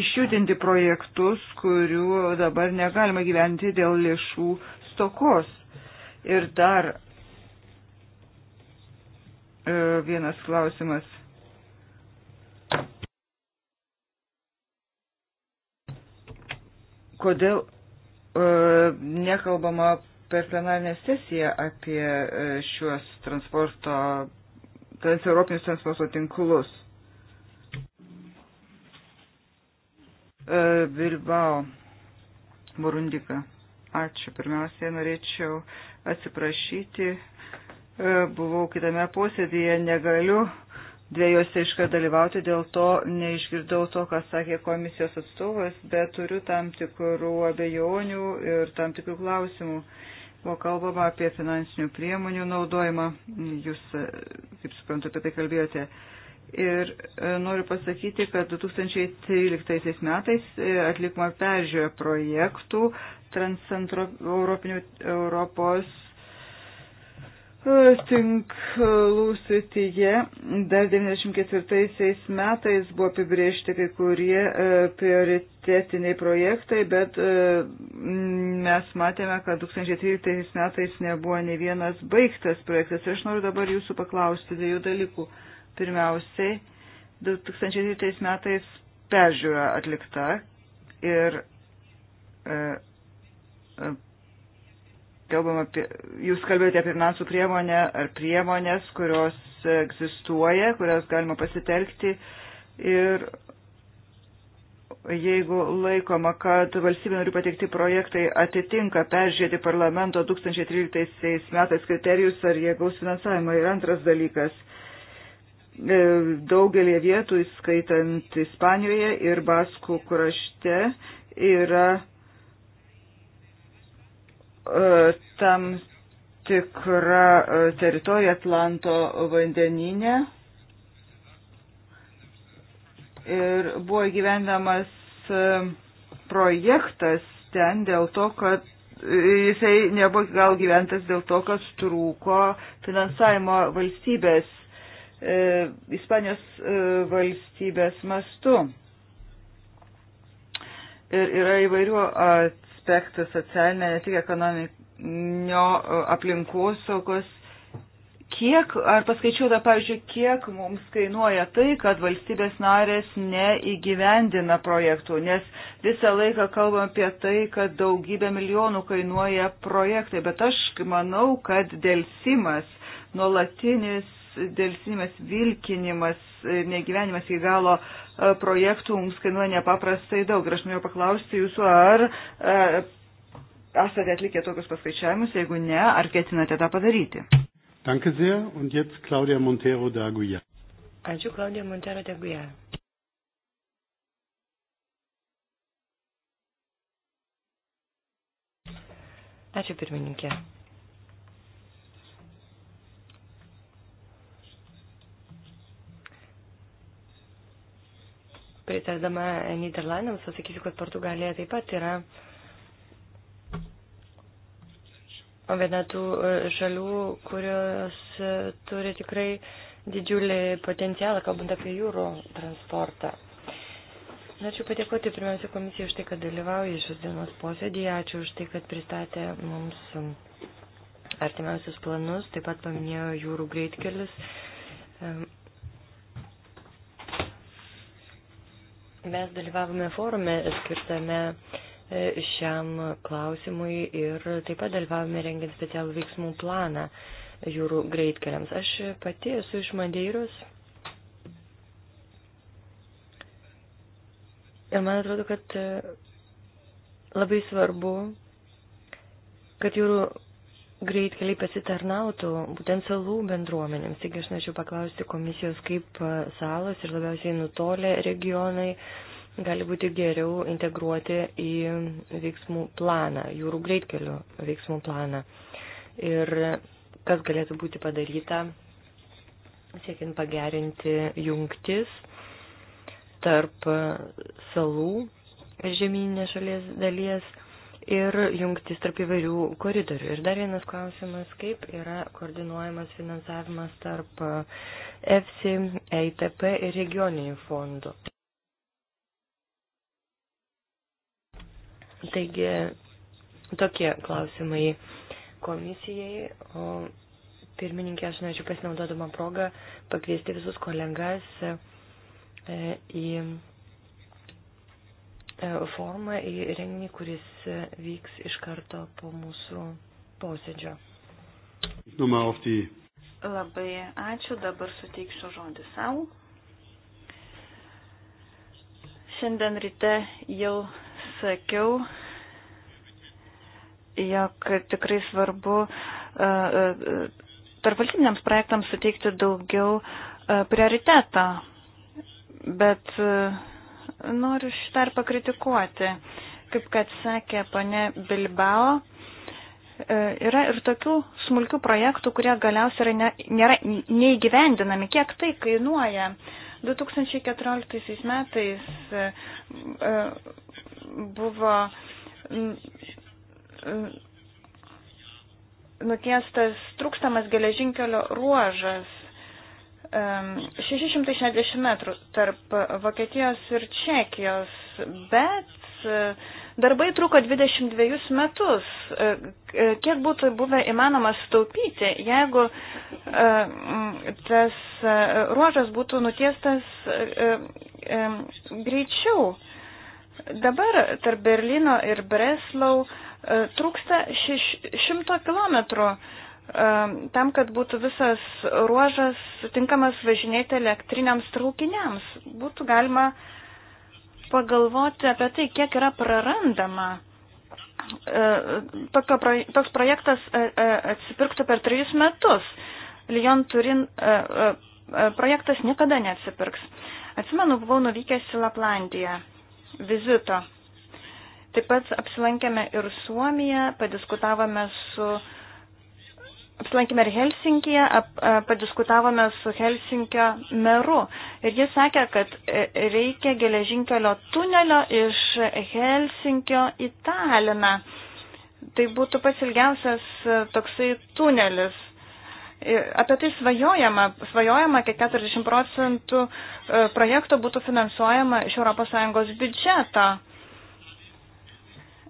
išjudinti projektus, kurių dabar negalima gyventi dėl lėšų stokos. Ir dar e, vienas klausimas. Kodėl E, nekalbama per plenarinę sesiją apie e, šiuos transporto, transeuropinius transporto tinklus. E, Bilbao, Burundika. Ačiū. Pirmiausiai norėčiau atsiprašyti. Buvau kitame posėdėje, negaliu dviejose iškart dalyvauti, dėl to neišgirdau to, ką sakė komisijos atstovas, bet turiu tam tikrų abejonių ir tam tikrų klausimų. Buvo kalbama apie finansinių priemonių naudojimą, jūs, e, kaip suprantu, apie tai kalbėjote. Ir e, noriu pasakyti, kad 2013 metais e, atlikma peržiūrė projektų transcentro Europos tinklų srityje dar 94 metais buvo apibriežti kai kurie e, prioritetiniai projektai, bet e, mes matėme, kad 2013 metais nebuvo ne vienas baigtas projektas. Ir aš noriu dabar jūsų paklausti dviejų dalykų. Pirmiausiai, 2013 metais peržiūra atlikta ir e, kalbam apie, jūs kalbėjote apie finansų priemonę ar priemonės, kurios egzistuoja, kurias galima pasitelkti ir jeigu laikoma, kad valstybė norių pateikti projektai atitinka peržiūrėti parlamento 2013 metais kriterijus, ar jie gaus finansavimą. Ir antras dalykas, e, daugelį vietų, įskaitant Ispanijoje ir Baskų krašte, yra E, tam tikra e, teritorija Atlanto vandeninė ir buvo gyvendamas e, projektas ten dėl to, kad jisai nebuvo gal gyventas dėl to, kad trūko finansavimo valstybės, e, Ispanijos e, valstybės mastu. Ir yra įvairių at aspektų - socialinė, ne tik ekonominio aplinkos saugos. Kiek, ar paskaičiuota, pavyzdžiui, kiek mums kainuoja tai, kad valstybės narės neįgyvendina projektų, nes visą laiką kalbam apie tai, kad daugybę milijonų kainuoja projektai, bet aš manau, kad dėlsimas, nuolatinis dėlsimas, vilkinimas E, negyvenimas iki galo e, projektų mums kainuoja nepaprastai daug. Ir aš norėjau paklausti jūsų, ar e, esate atlikę tokius paskaičiavimus, jeigu ne, ar ketinate tą padaryti. Danke sehr und jetzt Claudia Montero de Aguiar. Ačiū Claudia Montero de Aguiar. Ačiū pirmininkė. Pritardama Niderlandams, pasakysiu, kad Portugalija taip pat yra viena tų e, šalių, kurios e, turi tikrai didžiulį potencialą, kalbant apie jūrų transportą. Norėčiau padėkoti pirmiausia komisijai už tai, kad dalyvauja šios dienos posėdėje, ačiū už tai, kad pristatė mums artimiausius planus, taip pat paminėjo jūrų greitkelius. Mes dalyvavome forume skirtame e, šiam klausimui ir taip pat dalyvavome rengiant specialų veiksmų planą jūrų greitkeliams. Aš pati esu iš Madeiros. Ir man atrodo, kad e, labai svarbu, kad jūrų greitkeliai pasitarnautų būtent salų bendruomenėms. Taigi aš norėčiau paklausti komisijos, kaip e, salos ir labiausiai nutolę regionai gali būti geriau integruoti į veiksmų planą, jūrų greitkelių veiksmų planą. Ir kas galėtų būti padaryta, siekiant pagerinti jungtis tarp e, salų ir žemyninės šalies dalies ir jungtis tarp įvairių koridorių. Ir dar vienas klausimas, kaip yra koordinuojamas finansavimas tarp EFSI, e EITP ir regioninių fondų. Taigi, tokie klausimai komisijai, o pirmininkė, aš norėčiau pasinaudodama progą pakviesti visus kolegas e, į E, formą į renginį, kuris vyks iš karto po mūsų posėdžio. Labai ačiū, dabar suteiksiu žodį savo. Šiandien ryte jau sakiau, jog tikrai svarbu e, e, tarpvaltybiniams projektams suteikti daugiau prioritetą, bet uh, Noriu šitą ir pakritikuoti. Kaip kad sakė pane Bilbao, e, yra ir tokių smulkių projektų, kurie galiausiai yra ne, nėra neįgyvendinami. Kiek tai kainuoja? 2014 metais e, e, buvo nutiestas trūkstamas geležinkelio ruožas 660 metrų tarp Vokietijos ir Čekijos, bet e, darbai truko 22 metus. E, e, kiek būtų buvę įmanoma staupyti, jeigu tas ruožas būtų nutiestas greičiau? Dabar tarp Berlyno ir Breslau trūksta 600 kilometrų tam, kad būtų visas ruožas tinkamas važinėti elektriniams traukiniams. Būtų galima pagalvoti apie tai, kiek yra prarandama. Tokio, toks projektas e, e, atsipirktų per trejus metus. Lyon Turin e, projektas niekada neatsipirks. Atsimenu, buvau nuvykęs į Laplandiją vizito. Taip pat apsilankėme ir Suomiją, padiskutavome su uh, apsilankėme ir Helsinkije, ap, padiskutavome su Helsinkio meru. Ir jis sakė, kad e, reikia geležinkelio tunelio iš Helsinkio į Taliną. Tai būtų pats ilgiausias e, toksai tunelis. E, apie tai svajojama, svajojama, kad 40 procentų projekto būtų finansuojama iš ES biudžeto.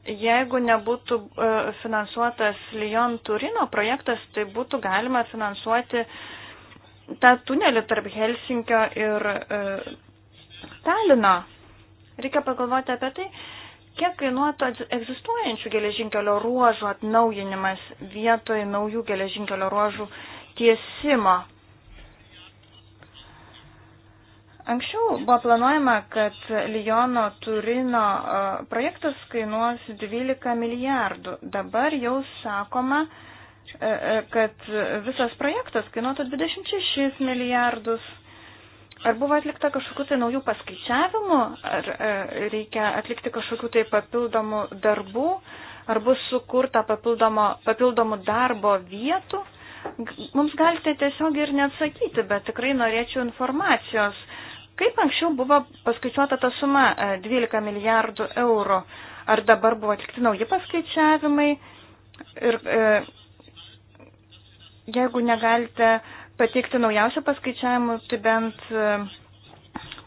Jeigu nebūtų e, finansuotas Lyon Turino projektas, tai būtų galima finansuoti tą tunelį tarp Helsinkio ir e, Talino. Reikia pagalvoti apie tai, kiek kainuotų egzistuojančių geležinkelio ruožų atnaujinimas vietoj naujų geležinkelio ruožų tiesimo. Anksčiau buvo planuojama, kad Lijono Turino e, projektas kainuos 12 milijardų. Dabar jau sakoma, e, e, kad visas projektas kainuotų 26 milijardus. Ar buvo atlikta kažkokiu tai naujų paskaičiavimų, ar reikia atlikti kažkokiu tai papildomų darbų, ar bus sukurta papildomų darbo vietų? Mums galite tiesiog ir neatsakyti, bet tikrai norėčiau informacijos Kaip anksčiau buvo paskaičiuota ta suma 12 e, milijardų eurų? Ar dabar buvo atlikti nauji paskaičiavimai? Ir e, jeigu negalite pateikti naujausių paskaičiavimų, tai bent e,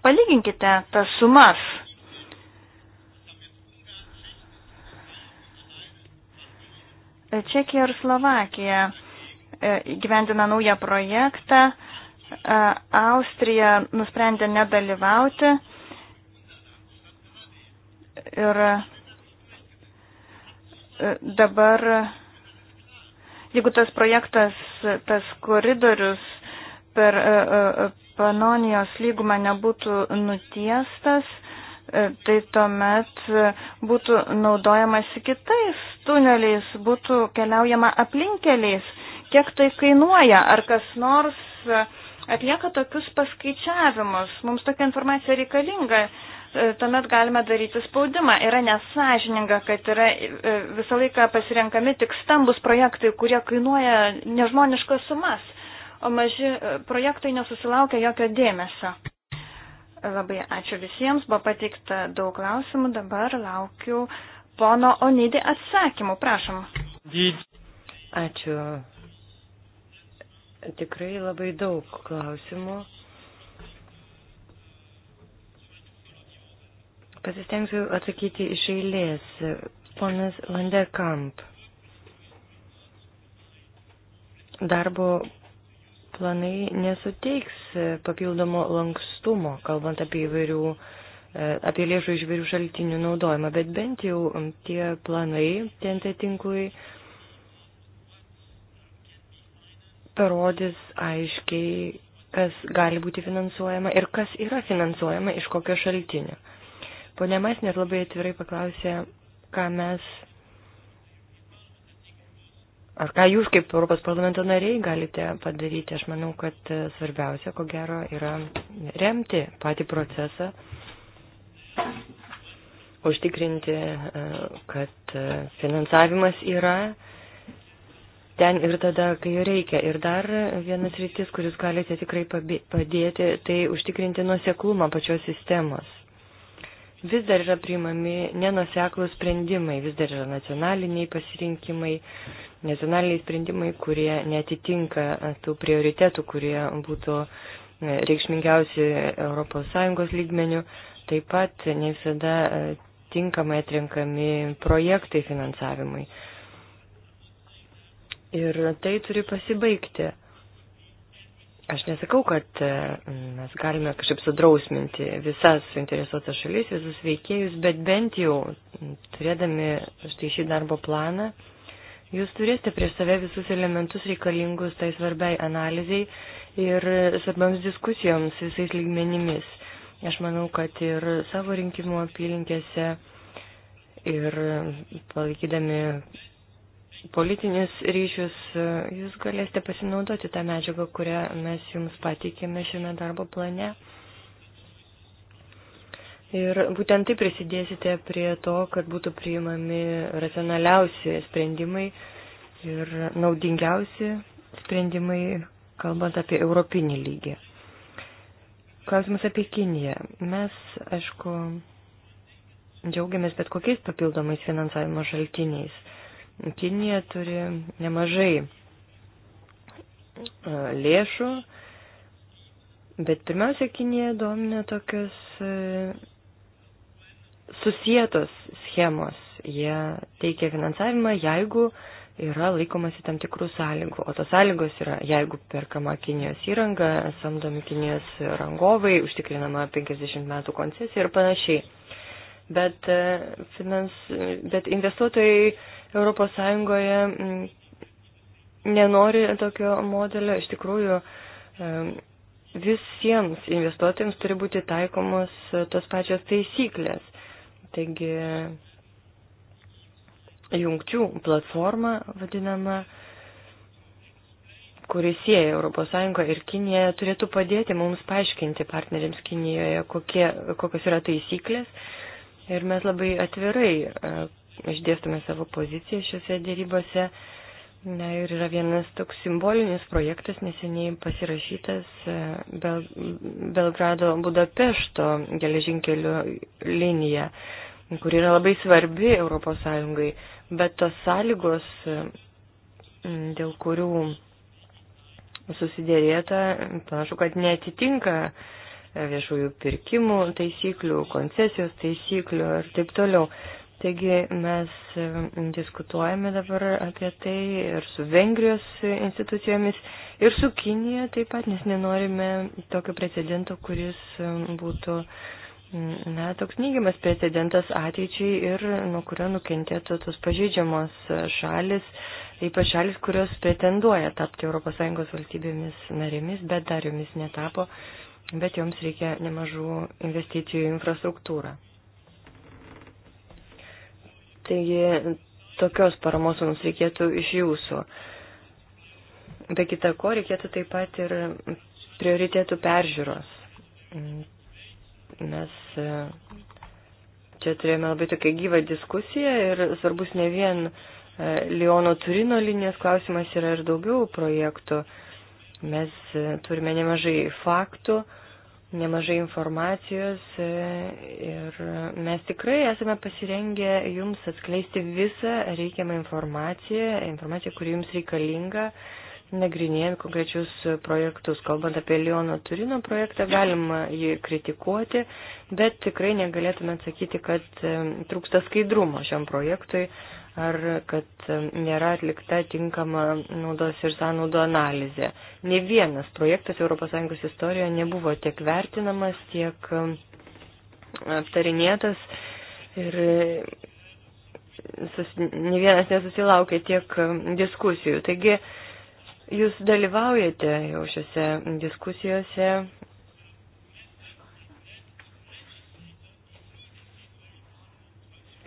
palyginkite tas sumas. Čekija ir Slovakija e, gyvendina naują projektą. E, Austrija nusprendė nedalyvauti ir e, dabar, jeigu tas projektas, tas koridorius per e, e, Panonijos lygumą nebūtų nutiestas, tai tuomet būtų naudojamasi kitais tuneliais, būtų keliaujama aplinkeliais. Kiek tai kainuoja? Ar kas nors uh, atlieka tokius paskaičiavimus. Mums tokia informacija reikalinga, e, tuomet galime daryti spaudimą. Yra nesažininga, kad yra e, visą laiką pasirenkami tik stambus projektai, kurie kainuoja nežmoniškas sumas, o maži e, projektai nesusilaukia jokio dėmesio. Labai ačiū visiems, buvo pateikta daug klausimų, dabar laukiu pono Onidį atsakymų, prašom. Ačiū Tikrai labai daug klausimų. Pasistengsiu atsakyti iš eilės. Ponas Landekamp. Darbo planai nesuteiks papildomo lankstumo, kalbant apie įvairių, e, apie lėšų iš įvairių šaltinių naudojimą, bet bent jau tie planai TNT tinklui parodys aiškiai, kas gali būti finansuojama ir kas yra finansuojama iš kokio šaltinio. Pone Masner labai atvirai paklausė, ką mes, ar ką jūs kaip Europos parlamento nariai galite padaryti. Aš manau, kad svarbiausia, ko gero, yra remti patį procesą užtikrinti, kad finansavimas yra ten ir tada, kai jo reikia. Ir dar vienas rytis, kuris galite tikrai padėti, tai užtikrinti nuoseklumą pačios sistemos. Vis dar yra priimami nenuseklus sprendimai, vis dar yra nacionaliniai pasirinkimai, nacionaliniai sprendimai, kurie netitinka tų prioritetų, kurie būtų e, reikšmingiausi ES lygmenių. Taip pat ne visada e, tinkamai atrenkami projektai finansavimui. Ir tai turi pasibaigti. Aš nesakau, kad e, mes galime kažkaip sudrausminti visas suinteresuotas šalis, visus veikėjus, bet bent jau turėdami štai šį darbo planą, jūs turėsite prieš save visus elementus reikalingus tai svarbiai analizai ir svarbiams diskusijoms visais lygmenimis. Aš manau, kad ir savo rinkimų apylinkėse ir palaikydami politinius ryšius, jūs galėsite pasinaudoti tą medžiagą, kurią mes jums pateikėme šiame darbo plane. Ir būtent taip prisidėsite prie to, kad būtų priimami racionaliausi sprendimai ir naudingiausi sprendimai, kalbant apie europinį lygį. Klausimas apie Kiniją. Mes, aišku, džiaugiamės bet kokiais papildomais finansavimo šaltiniais. Kinija turi nemažai e, lėšų, bet pirmiausia, Kinija domina tokios e, susijėtos schemos. Jie teikia finansavimą, jeigu yra laikomasi tam tikrų sąlygų. O tos sąlygos yra, jeigu perkama Kinijos įranga, samdomi Kinijos rangovai, užtikrinama 50 metų koncesija ir panašiai. Bet, e, finans, bet investuotojai ES mm, nenori tokio modelio. Iš tikrųjų, visiems investuotojams turi būti taikomos e, tos pačios taisyklės. Taigi, jungčių platforma vadinama kuris sieja ES ir Kinija, turėtų padėti mums paaiškinti partneriams Kinijoje, kokie, kokios yra taisyklės. Ir mes labai atvirai e, išdėstume savo poziciją šiuose dėrybose. Na ir yra vienas toks simbolinis projektas neseniai pasirašytas e, Bel Belgrado Budapešto geležinkelio linija, kur yra labai svarbi ES, bet tos sąlygos, e, dėl kurių susidėrėta, panašu, kad netitinka e, viešųjų pirkimų taisyklių, koncesijos taisyklių ir taip toliau. Taigi mes e, diskutuojame dabar apie tai ir su Vengrijos institucijomis, ir su Kinija taip pat, nes nenorime tokio precedento, kuris e, būtų na, toks neigiamas precedentas ateičiai ir nuo kurio nukentėtų tos pažeidžiamos šalis, ypač šalis, kurios pretenduoja tapti ES valstybėmis narėmis, bet dar jomis netapo, bet joms reikia nemažų investicijų į infrastruktūrą. Taigi tokios paramos mums reikėtų iš jūsų. Be kita ko, reikėtų taip pat ir prioritėtų peržiūros. Mes e, čia turėjome labai tokią gyvą diskusiją ir svarbus ne vien e, Liono Turino linijos klausimas yra ir daugiau projektų. Mes e, turime nemažai faktų, nemažai informacijos e, ir mes tikrai esame pasirengę jums atskleisti visą reikiamą informaciją, informaciją, kuri jums reikalinga, nagrinėjant konkrečius projektus. Kalbant apie Liono Turino projektą, galima jį kritikuoti, bet tikrai negalėtume atsakyti, kad e, trūksta skaidrumo šiam projektui ar kad nėra atlikta tinkama naudos ir sąnaudų analizė. Ne vienas projektas ES istorijoje nebuvo tiek vertinamas, tiek um, aptarinėtas ir um, sus, ne vienas nesusilaukė tiek um, diskusijų. Taigi, jūs dalyvaujate jau šiuose diskusijose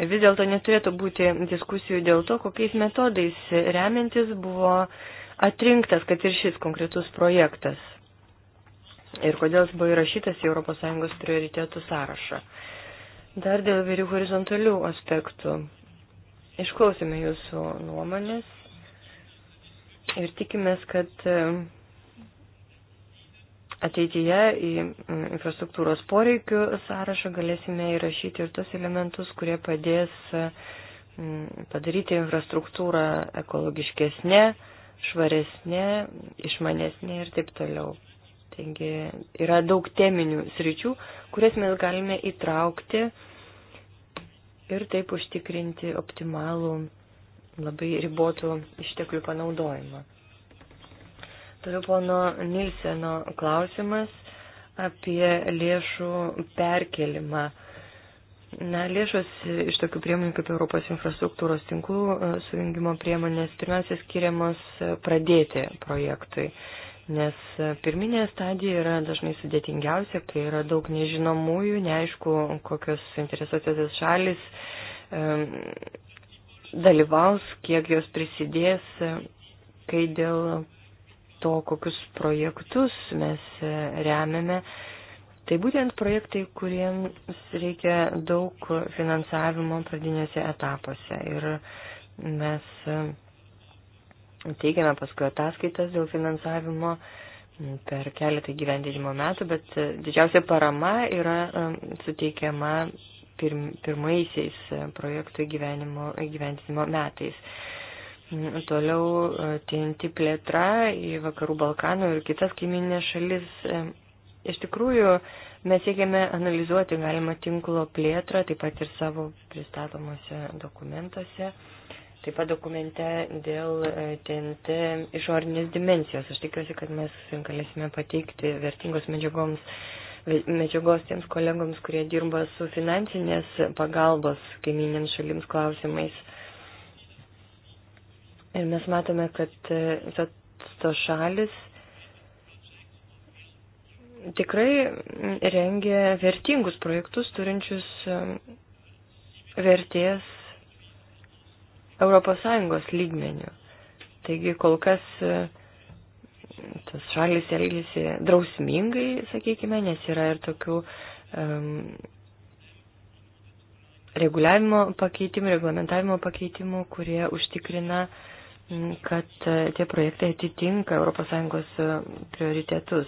vis dėlto neturėtų būti diskusijų dėl to, kokiais metodais remiantis buvo atrinktas, kad ir šis konkretus projektas ir kodėl jis buvo įrašytas į ES prioritėtų sąrašą. Dar dėl vyrių horizontalių aspektų. Išklausime jūsų nuomonės ir tikimės, kad ateityje į mm, infrastruktūros poreikių sąrašą galėsime įrašyti ir tos elementus, kurie padės mm, padaryti infrastruktūrą ekologiškesnė, švaresnė, išmanesnė ir taip toliau. Taigi yra daug teminių sričių, kurias mes galime įtraukti ir taip užtikrinti optimalų labai ribotų išteklių panaudojimą. Toliau pono Nilseno klausimas apie lėšų perkelimą. Na, lėšos iš tokių priemonių kaip Europos infrastruktūros tinklų e, sujungimo priemonės pirmiausia skiriamos e, pradėti projektui, nes e, pirminė stadija yra dažnai sudėtingiausia, kai yra daug nežinomųjų, neaišku, kokios interesuotės šalis dalyvaus, kiek jos prisidės, kai dėl to, kokius projektus mes remiame, tai būtent projektai, kuriems reikia daug finansavimo pradinėse etapuose. Ir mes teikiame paskui ataskaitas dėl finansavimo per keletą gyvendinimo metų, bet didžiausia parama yra um, suteikiama pirmaisiais projektų gyvenimo, gyvendinimo metais. Toliau TNT e, plėtra į Vakarų Balkanų ir kitas kaiminės šalis. E, iš tikrųjų, mes siekiame analizuoti galimą tinklo plėtrą, taip pat ir savo pristatomuose dokumentuose. Taip pat dokumente dėl TNT e, išorinės dimensijos. Aš tikiuosi, kad mes galėsime pateikti vertingos medžiagoms medžiagos tiems kolegoms, kurie dirba su finansinės pagalbos kaiminėms šalims klausimais. Ir mes matome, kad e, tos šalis tikrai rengia vertingus projektus turinčius e, vertės ES lygmenių. Taigi kol kas e, tas šalis elgesi drausmingai, sakykime, nes yra ir tokių um, reguliavimo pakeitimų, reglamentavimo pakeitimų, kurie užtikrina uh, kad e, tie projektai atitinka ES e, prioritetus.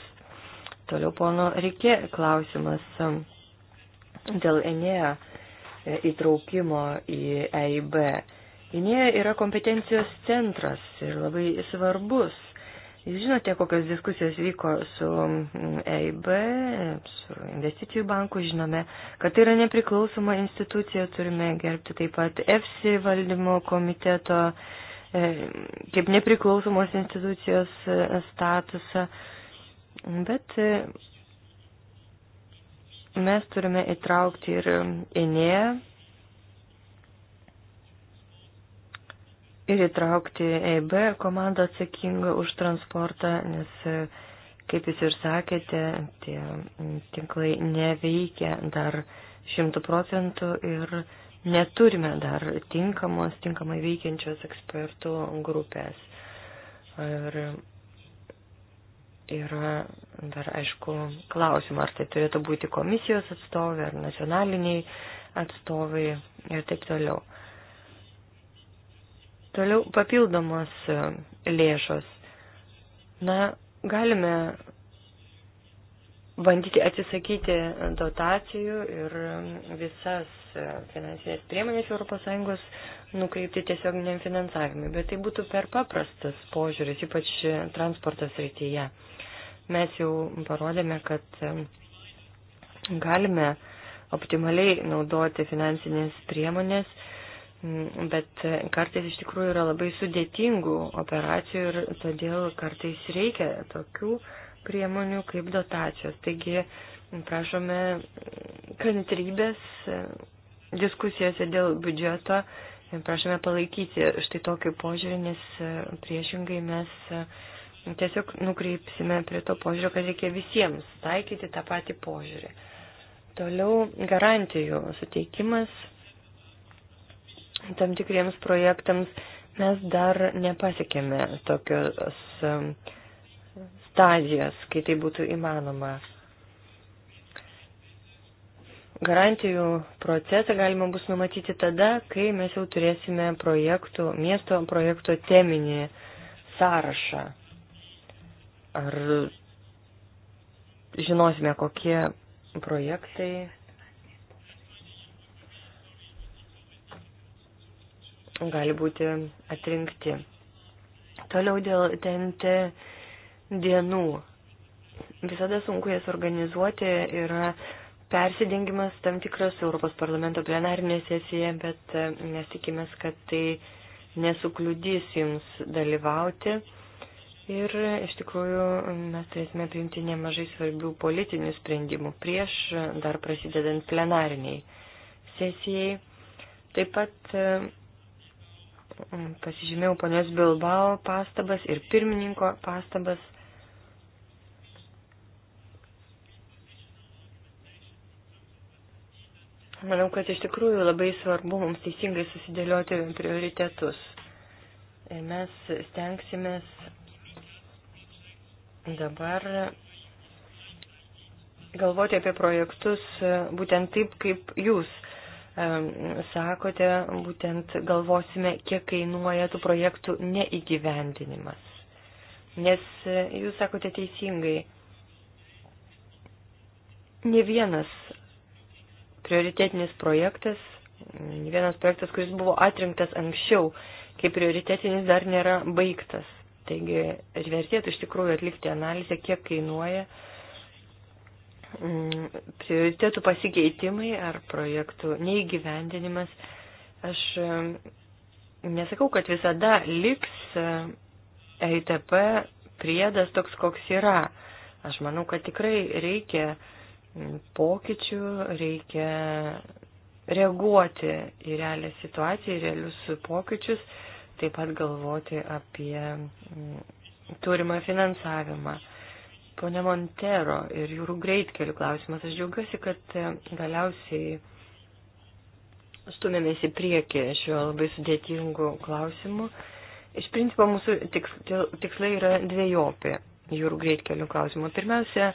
Toliau pono Rikė klausimas e, dėl Enėja įtraukimo į EIB. Enėja yra kompetencijos centras ir labai svarbus. Jūs žinote, kokios diskusijos vyko su EIB, su investicijų banku, žinome, kad tai yra nepriklausoma institucija, turime gerbti taip pat EFSI valdymo komiteto uh, E, kaip nepriklausomos institucijos e, statusą, bet e, mes turime įtraukti ir ENEA ir įtraukti EIB komandą atsakingą už transportą, nes, kaip jūs ir sakėte, tie tinklai neveikia dar šimtų procentų ir neturime dar tinkamos, tinkamai veikiančios ekspertų grupės. Ir yra dar aišku klausimą, ar tai turėtų būti komisijos atstovai, ar nacionaliniai atstovai ir taip toliau. Toliau papildomos lėšos. Na, galime bandyti atsisakyti dotacijų ir visas e, finansinės priemonės ES nukreipti tiesioginiam finansavimui. Bet tai būtų per paprastas požiūris, ypač transportas rytyje. Mes jau parodėme, kad e, galime optimaliai naudoti finansinės priemonės, bet e, kartais iš tikrųjų yra labai sudėtingų operacijų ir todėl kartais reikia tokių priemonių kaip dotacijos. Taigi prašome kantrybės e, diskusijose dėl biudžeto, e, prašome palaikyti štai tokį požiūrį, nes e, priešingai mes tiesiog nukreipsime prie to požiūrio, kad reikia visiems taikyti tą patį požiūrį. Toliau garantijų suteikimas tam tikriems projektams mes dar nepasiekėme tokios stadijas, kai tai būtų įmanoma. Garantijų procesą galima bus numatyti tada, kai mes jau turėsime projektų, miesto projekto teminį sąrašą. Ar žinosime, kokie projektai gali būti atrinkti. Toliau dėl TNT dienų. Visada sunku jas organizuoti, yra persidengimas tam tikras Europos parlamento plenarinė sesija, bet e, mes tikimės, kad tai nesukliudys jums dalyvauti. Ir iš tikrųjų mes turėsime priimti nemažai svarbių politinių sprendimų prieš e, dar prasidedant plenariniai sesijai. Taip pat e, pasižymėjau ponios Bilbao pastabas ir pirmininko pastabas Manau, kad iš tikrųjų labai svarbu mums teisingai susidėlioti prioritetus. Ir e, mes stengsimės dabar galvoti apie projektus e, būtent taip, kaip jūs e, sakote, būtent galvosime, kiek kainuoja tų projektų neįgyvendinimas. Nes jūs sakote teisingai, ne vienas prioritetinis projektas, vienas projektas, kuris buvo atrinktas anksčiau, kaip prioritetinis dar nėra baigtas. Taigi ir vertėtų iš tikrųjų atlikti analizę, kiek kainuoja mm, prioritėtų pasikeitimai ar projektų neįgyvendinimas. Aš mm, nesakau, kad visada liks EITP e priedas toks, koks yra. Aš manau, kad tikrai reikia uh, pokyčių, reikia reaguoti į realią situaciją, į realius pokyčius, taip pat galvoti apie mm, turimą finansavimą. Pone Montero ir jūrų greitkelių klausimas. Aš džiaugiuosi, kad e, galiausiai stumėmės į priekį šiuo labai sudėtingu klausimu. Iš principo mūsų tikslai yra dviejopi jūrų greitkelių klausimo. Pirmiausia,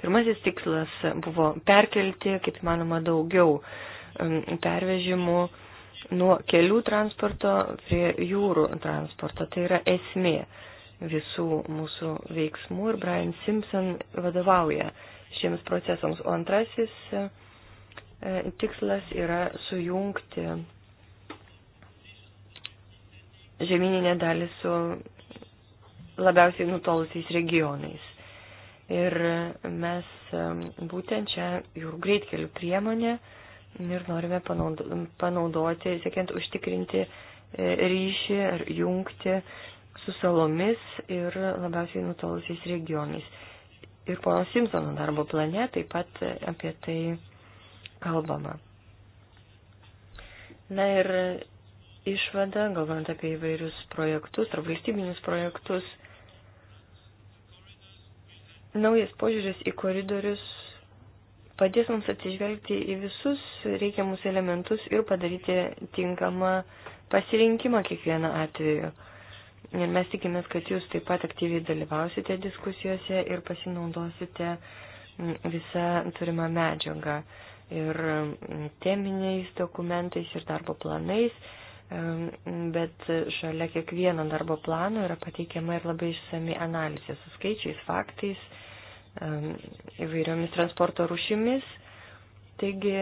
Pirmasis tikslas buvo perkelti, kaip manoma, daugiau pervežimų nuo kelių transporto prie jūrų transporto. Tai yra esmė visų mūsų veiksmų ir Brian Simpson vadovauja šiems procesams. O antrasis e, tikslas yra sujungti žemyninę dalį su labiausiai nutolusiais regionais. Ir mes būtent čia jūrų greitkelių priemonė ir norime panaudoti, siekiant užtikrinti e, ryšį ar jungti su salomis ir labiausiai nutolusiais regionais. Ir pono Simpsono darbo plane taip pat apie tai kalbama. Na ir išvada, galvant apie įvairius projektus ar valstybinius projektus, Naujas požiūris į koridorius padės mums atsižvelgti į visus reikiamus elementus ir padaryti tinkamą pasirinkimą kiekvieną atveju. Ir mes tikimės, kad jūs taip pat aktyviai dalyvausite diskusijose ir pasinaudosite visą turimą medžiagą ir teminiais dokumentais ir darbo planais, bet šalia kiekvieno darbo plano yra pateikiama ir labai išsami analizė su skaičiais, faktais įvairiomis transporto rušimis. Taigi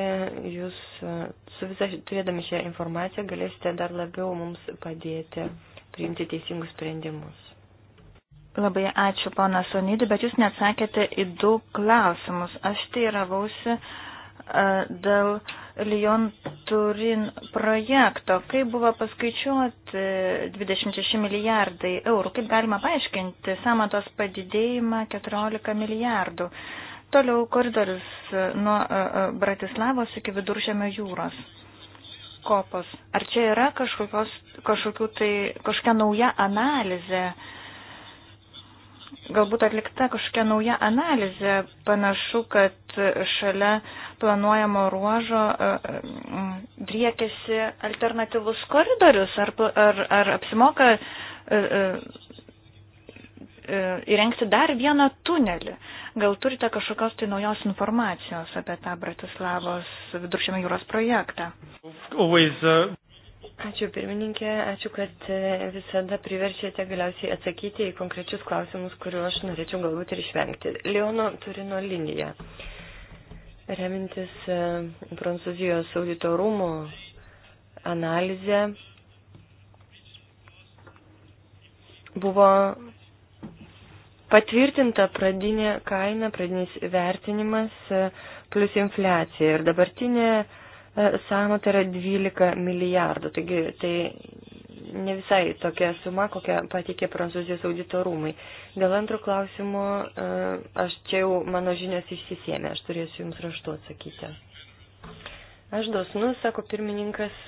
jūs e, su visą turėdami šią informaciją galėsite dar labiau mums padėti priimti teisingus sprendimus. Labai ačiū, pana Sonidė, bet jūs neatsakėte į du klausimus. Aš teiravausi e, dėl uh, Lyon-Turin projekto. Kaip buvo paskaičiuoti 26 milijardai eurų? Kaip galima paaiškinti samatos padidėjimą 14 milijardų? Toliau koridorius nuo e, e, Bratislavos iki viduržėmio jūros. Kopos. Ar čia yra kažkokios, kažkokių tai, kažkokia nauja analizė? galbūt atlikta kažkokia nauja analizė. Panašu, kad šalia planuojamo ruožo e, e, driekėsi alternatyvus koridorius. Ar, ar, ar apsimoka e, įrengti dar vieną tunelį? Gal turite kažkokios tai naujos informacijos apie tą Bratislavos viduršėmio jūros projektą? Always, uh... Ačiū pirmininkė, ačiū, kad e, visada priverčiate galiausiai atsakyti į konkrečius klausimus, kuriuo aš norėčiau galbūt ir išvengti. Leono Turino linija. Remintis e, Prancūzijos auditorumo analizę buvo patvirtinta pradinė kaina, pradinis vertinimas e, plus infliacija. Ir dabartinė E, sąmo tai yra 12 milijardų. Taigi tai ne visai tokia suma, kokią patikė Prancūzijos auditorumai. Dėl antro klausimo e, aš čia jau mano žinios išsisėmė, aš turėsiu Jums raštu atsakyti. Aš dosnus, sako pirmininkas,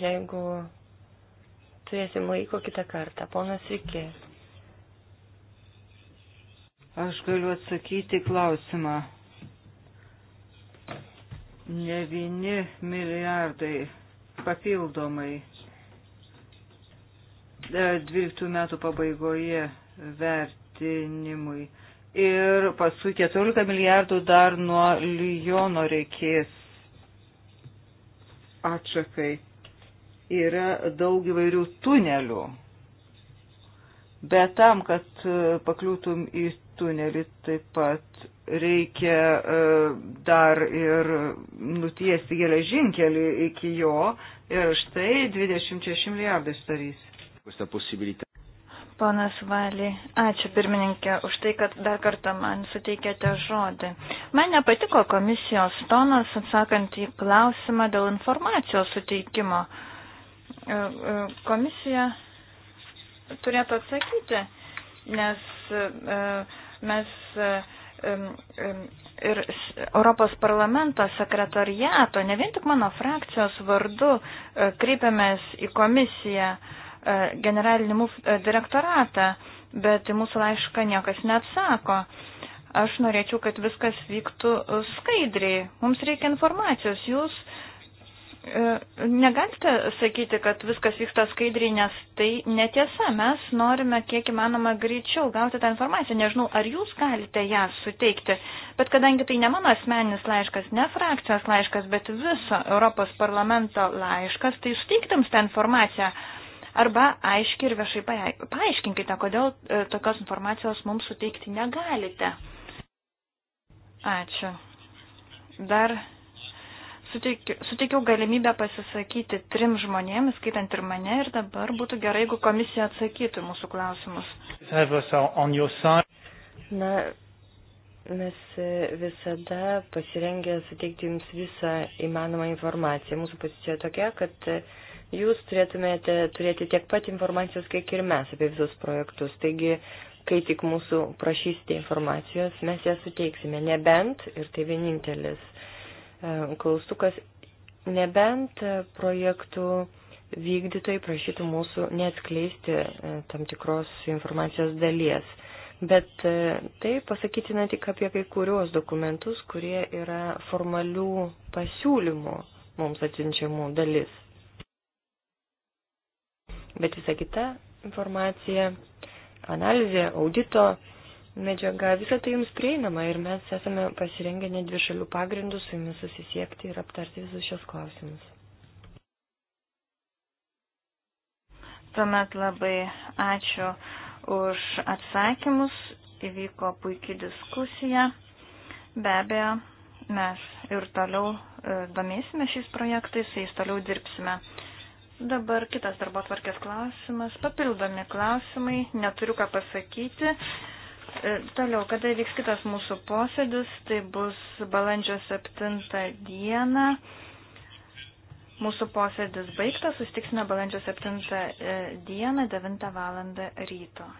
jeigu turėsim laiko kitą kartą. Ponas Viki. Aš galiu atsakyti klausimą 9 milijardai papildomai 12 e, metų pabaigoje vertinimui. Ir paskui 14 milijardų dar nuo Lyono reikės atšakai. Yra daug įvairių tunelių. Bet tam, kad e, pakliūtum į tunelį, taip pat reikia e, dar ir nutiesti geležinkelį iki jo ir štai 26 milijardai sudarys. Ponas Valį, ačiū pirmininkė už tai, kad dar kartą man suteikėte žodį. Man nepatiko komisijos tonas atsakant į klausimą dėl informacijos suteikimo. E, e, komisija turėtų atsakyti, nes mes ir Europos parlamento sekretariato, ne vien tik mano frakcijos vardu, e, kreipiamės į komisiją, e, generalinį e, direktoratą, bet į mūsų laišką niekas neatsako. Aš norėčiau, kad viskas vyktų skaidriai. Mums reikia informacijos. Jūs uh, E, negalite sakyti, kad viskas vyksta skaidriai, nes tai netiesa. Mes norime kiek įmanoma greičiau gauti tą informaciją. Nežinau, ar jūs galite ją suteikti, bet kadangi tai ne mano asmeninis laiškas, ne frakcijos laiškas, bet viso Europos parlamento laiškas, tai suteiktims tą informaciją. Arba aiškiai ir viešai paaiškinkite, kodėl e, tokios informacijos mums suteikti negalite. Ačiū. Dar suteikiau galimybę pasisakyti trim žmonėms, skaitant ir mane, ir dabar būtų gerai, jeigu komisija atsakytų mūsų klausimus. Na, mes visada pasirengę suteikti jums visą įmanomą informaciją. Mūsų pozicija tokia, kad jūs turėtumėte turėti tiek pat informacijos, kiek ir mes apie visus projektus. Taigi, kai tik mūsų prašysite informacijos, mes ją suteiksime, nebent, ir tai vienintelis E, klaustukas, nebent projektų vykdytojai prašytų mūsų neatskleisti e, tam tikros informacijos dalies. Bet e, tai pasakytina tik apie kai kuriuos dokumentus, kurie yra formalių pasiūlymų mums atsiunčiamų dalis. Bet visa kita informacija, analizė, audito medžiaga, visą tai jums prieinama ir mes esame pasirengę net dvi šalių pagrindų su jumis susisiekti ir aptarti visus šios klausimus. Tuomet labai ačiū už atsakymus, įvyko puikia diskusija. Be abejo, mes ir toliau e, domėsime šiais projektais, jais toliau dirbsime. Dabar kitas darbo tvarkės klausimas, papildomi klausimai, neturiu ką pasakyti, E, toliau, kada vyks kitas mūsų posėdis, tai bus balandžio 7 dieną. Mūsų posėdis baigtas, sustiksime balandžio 7 e, dieną 9 val. ryto.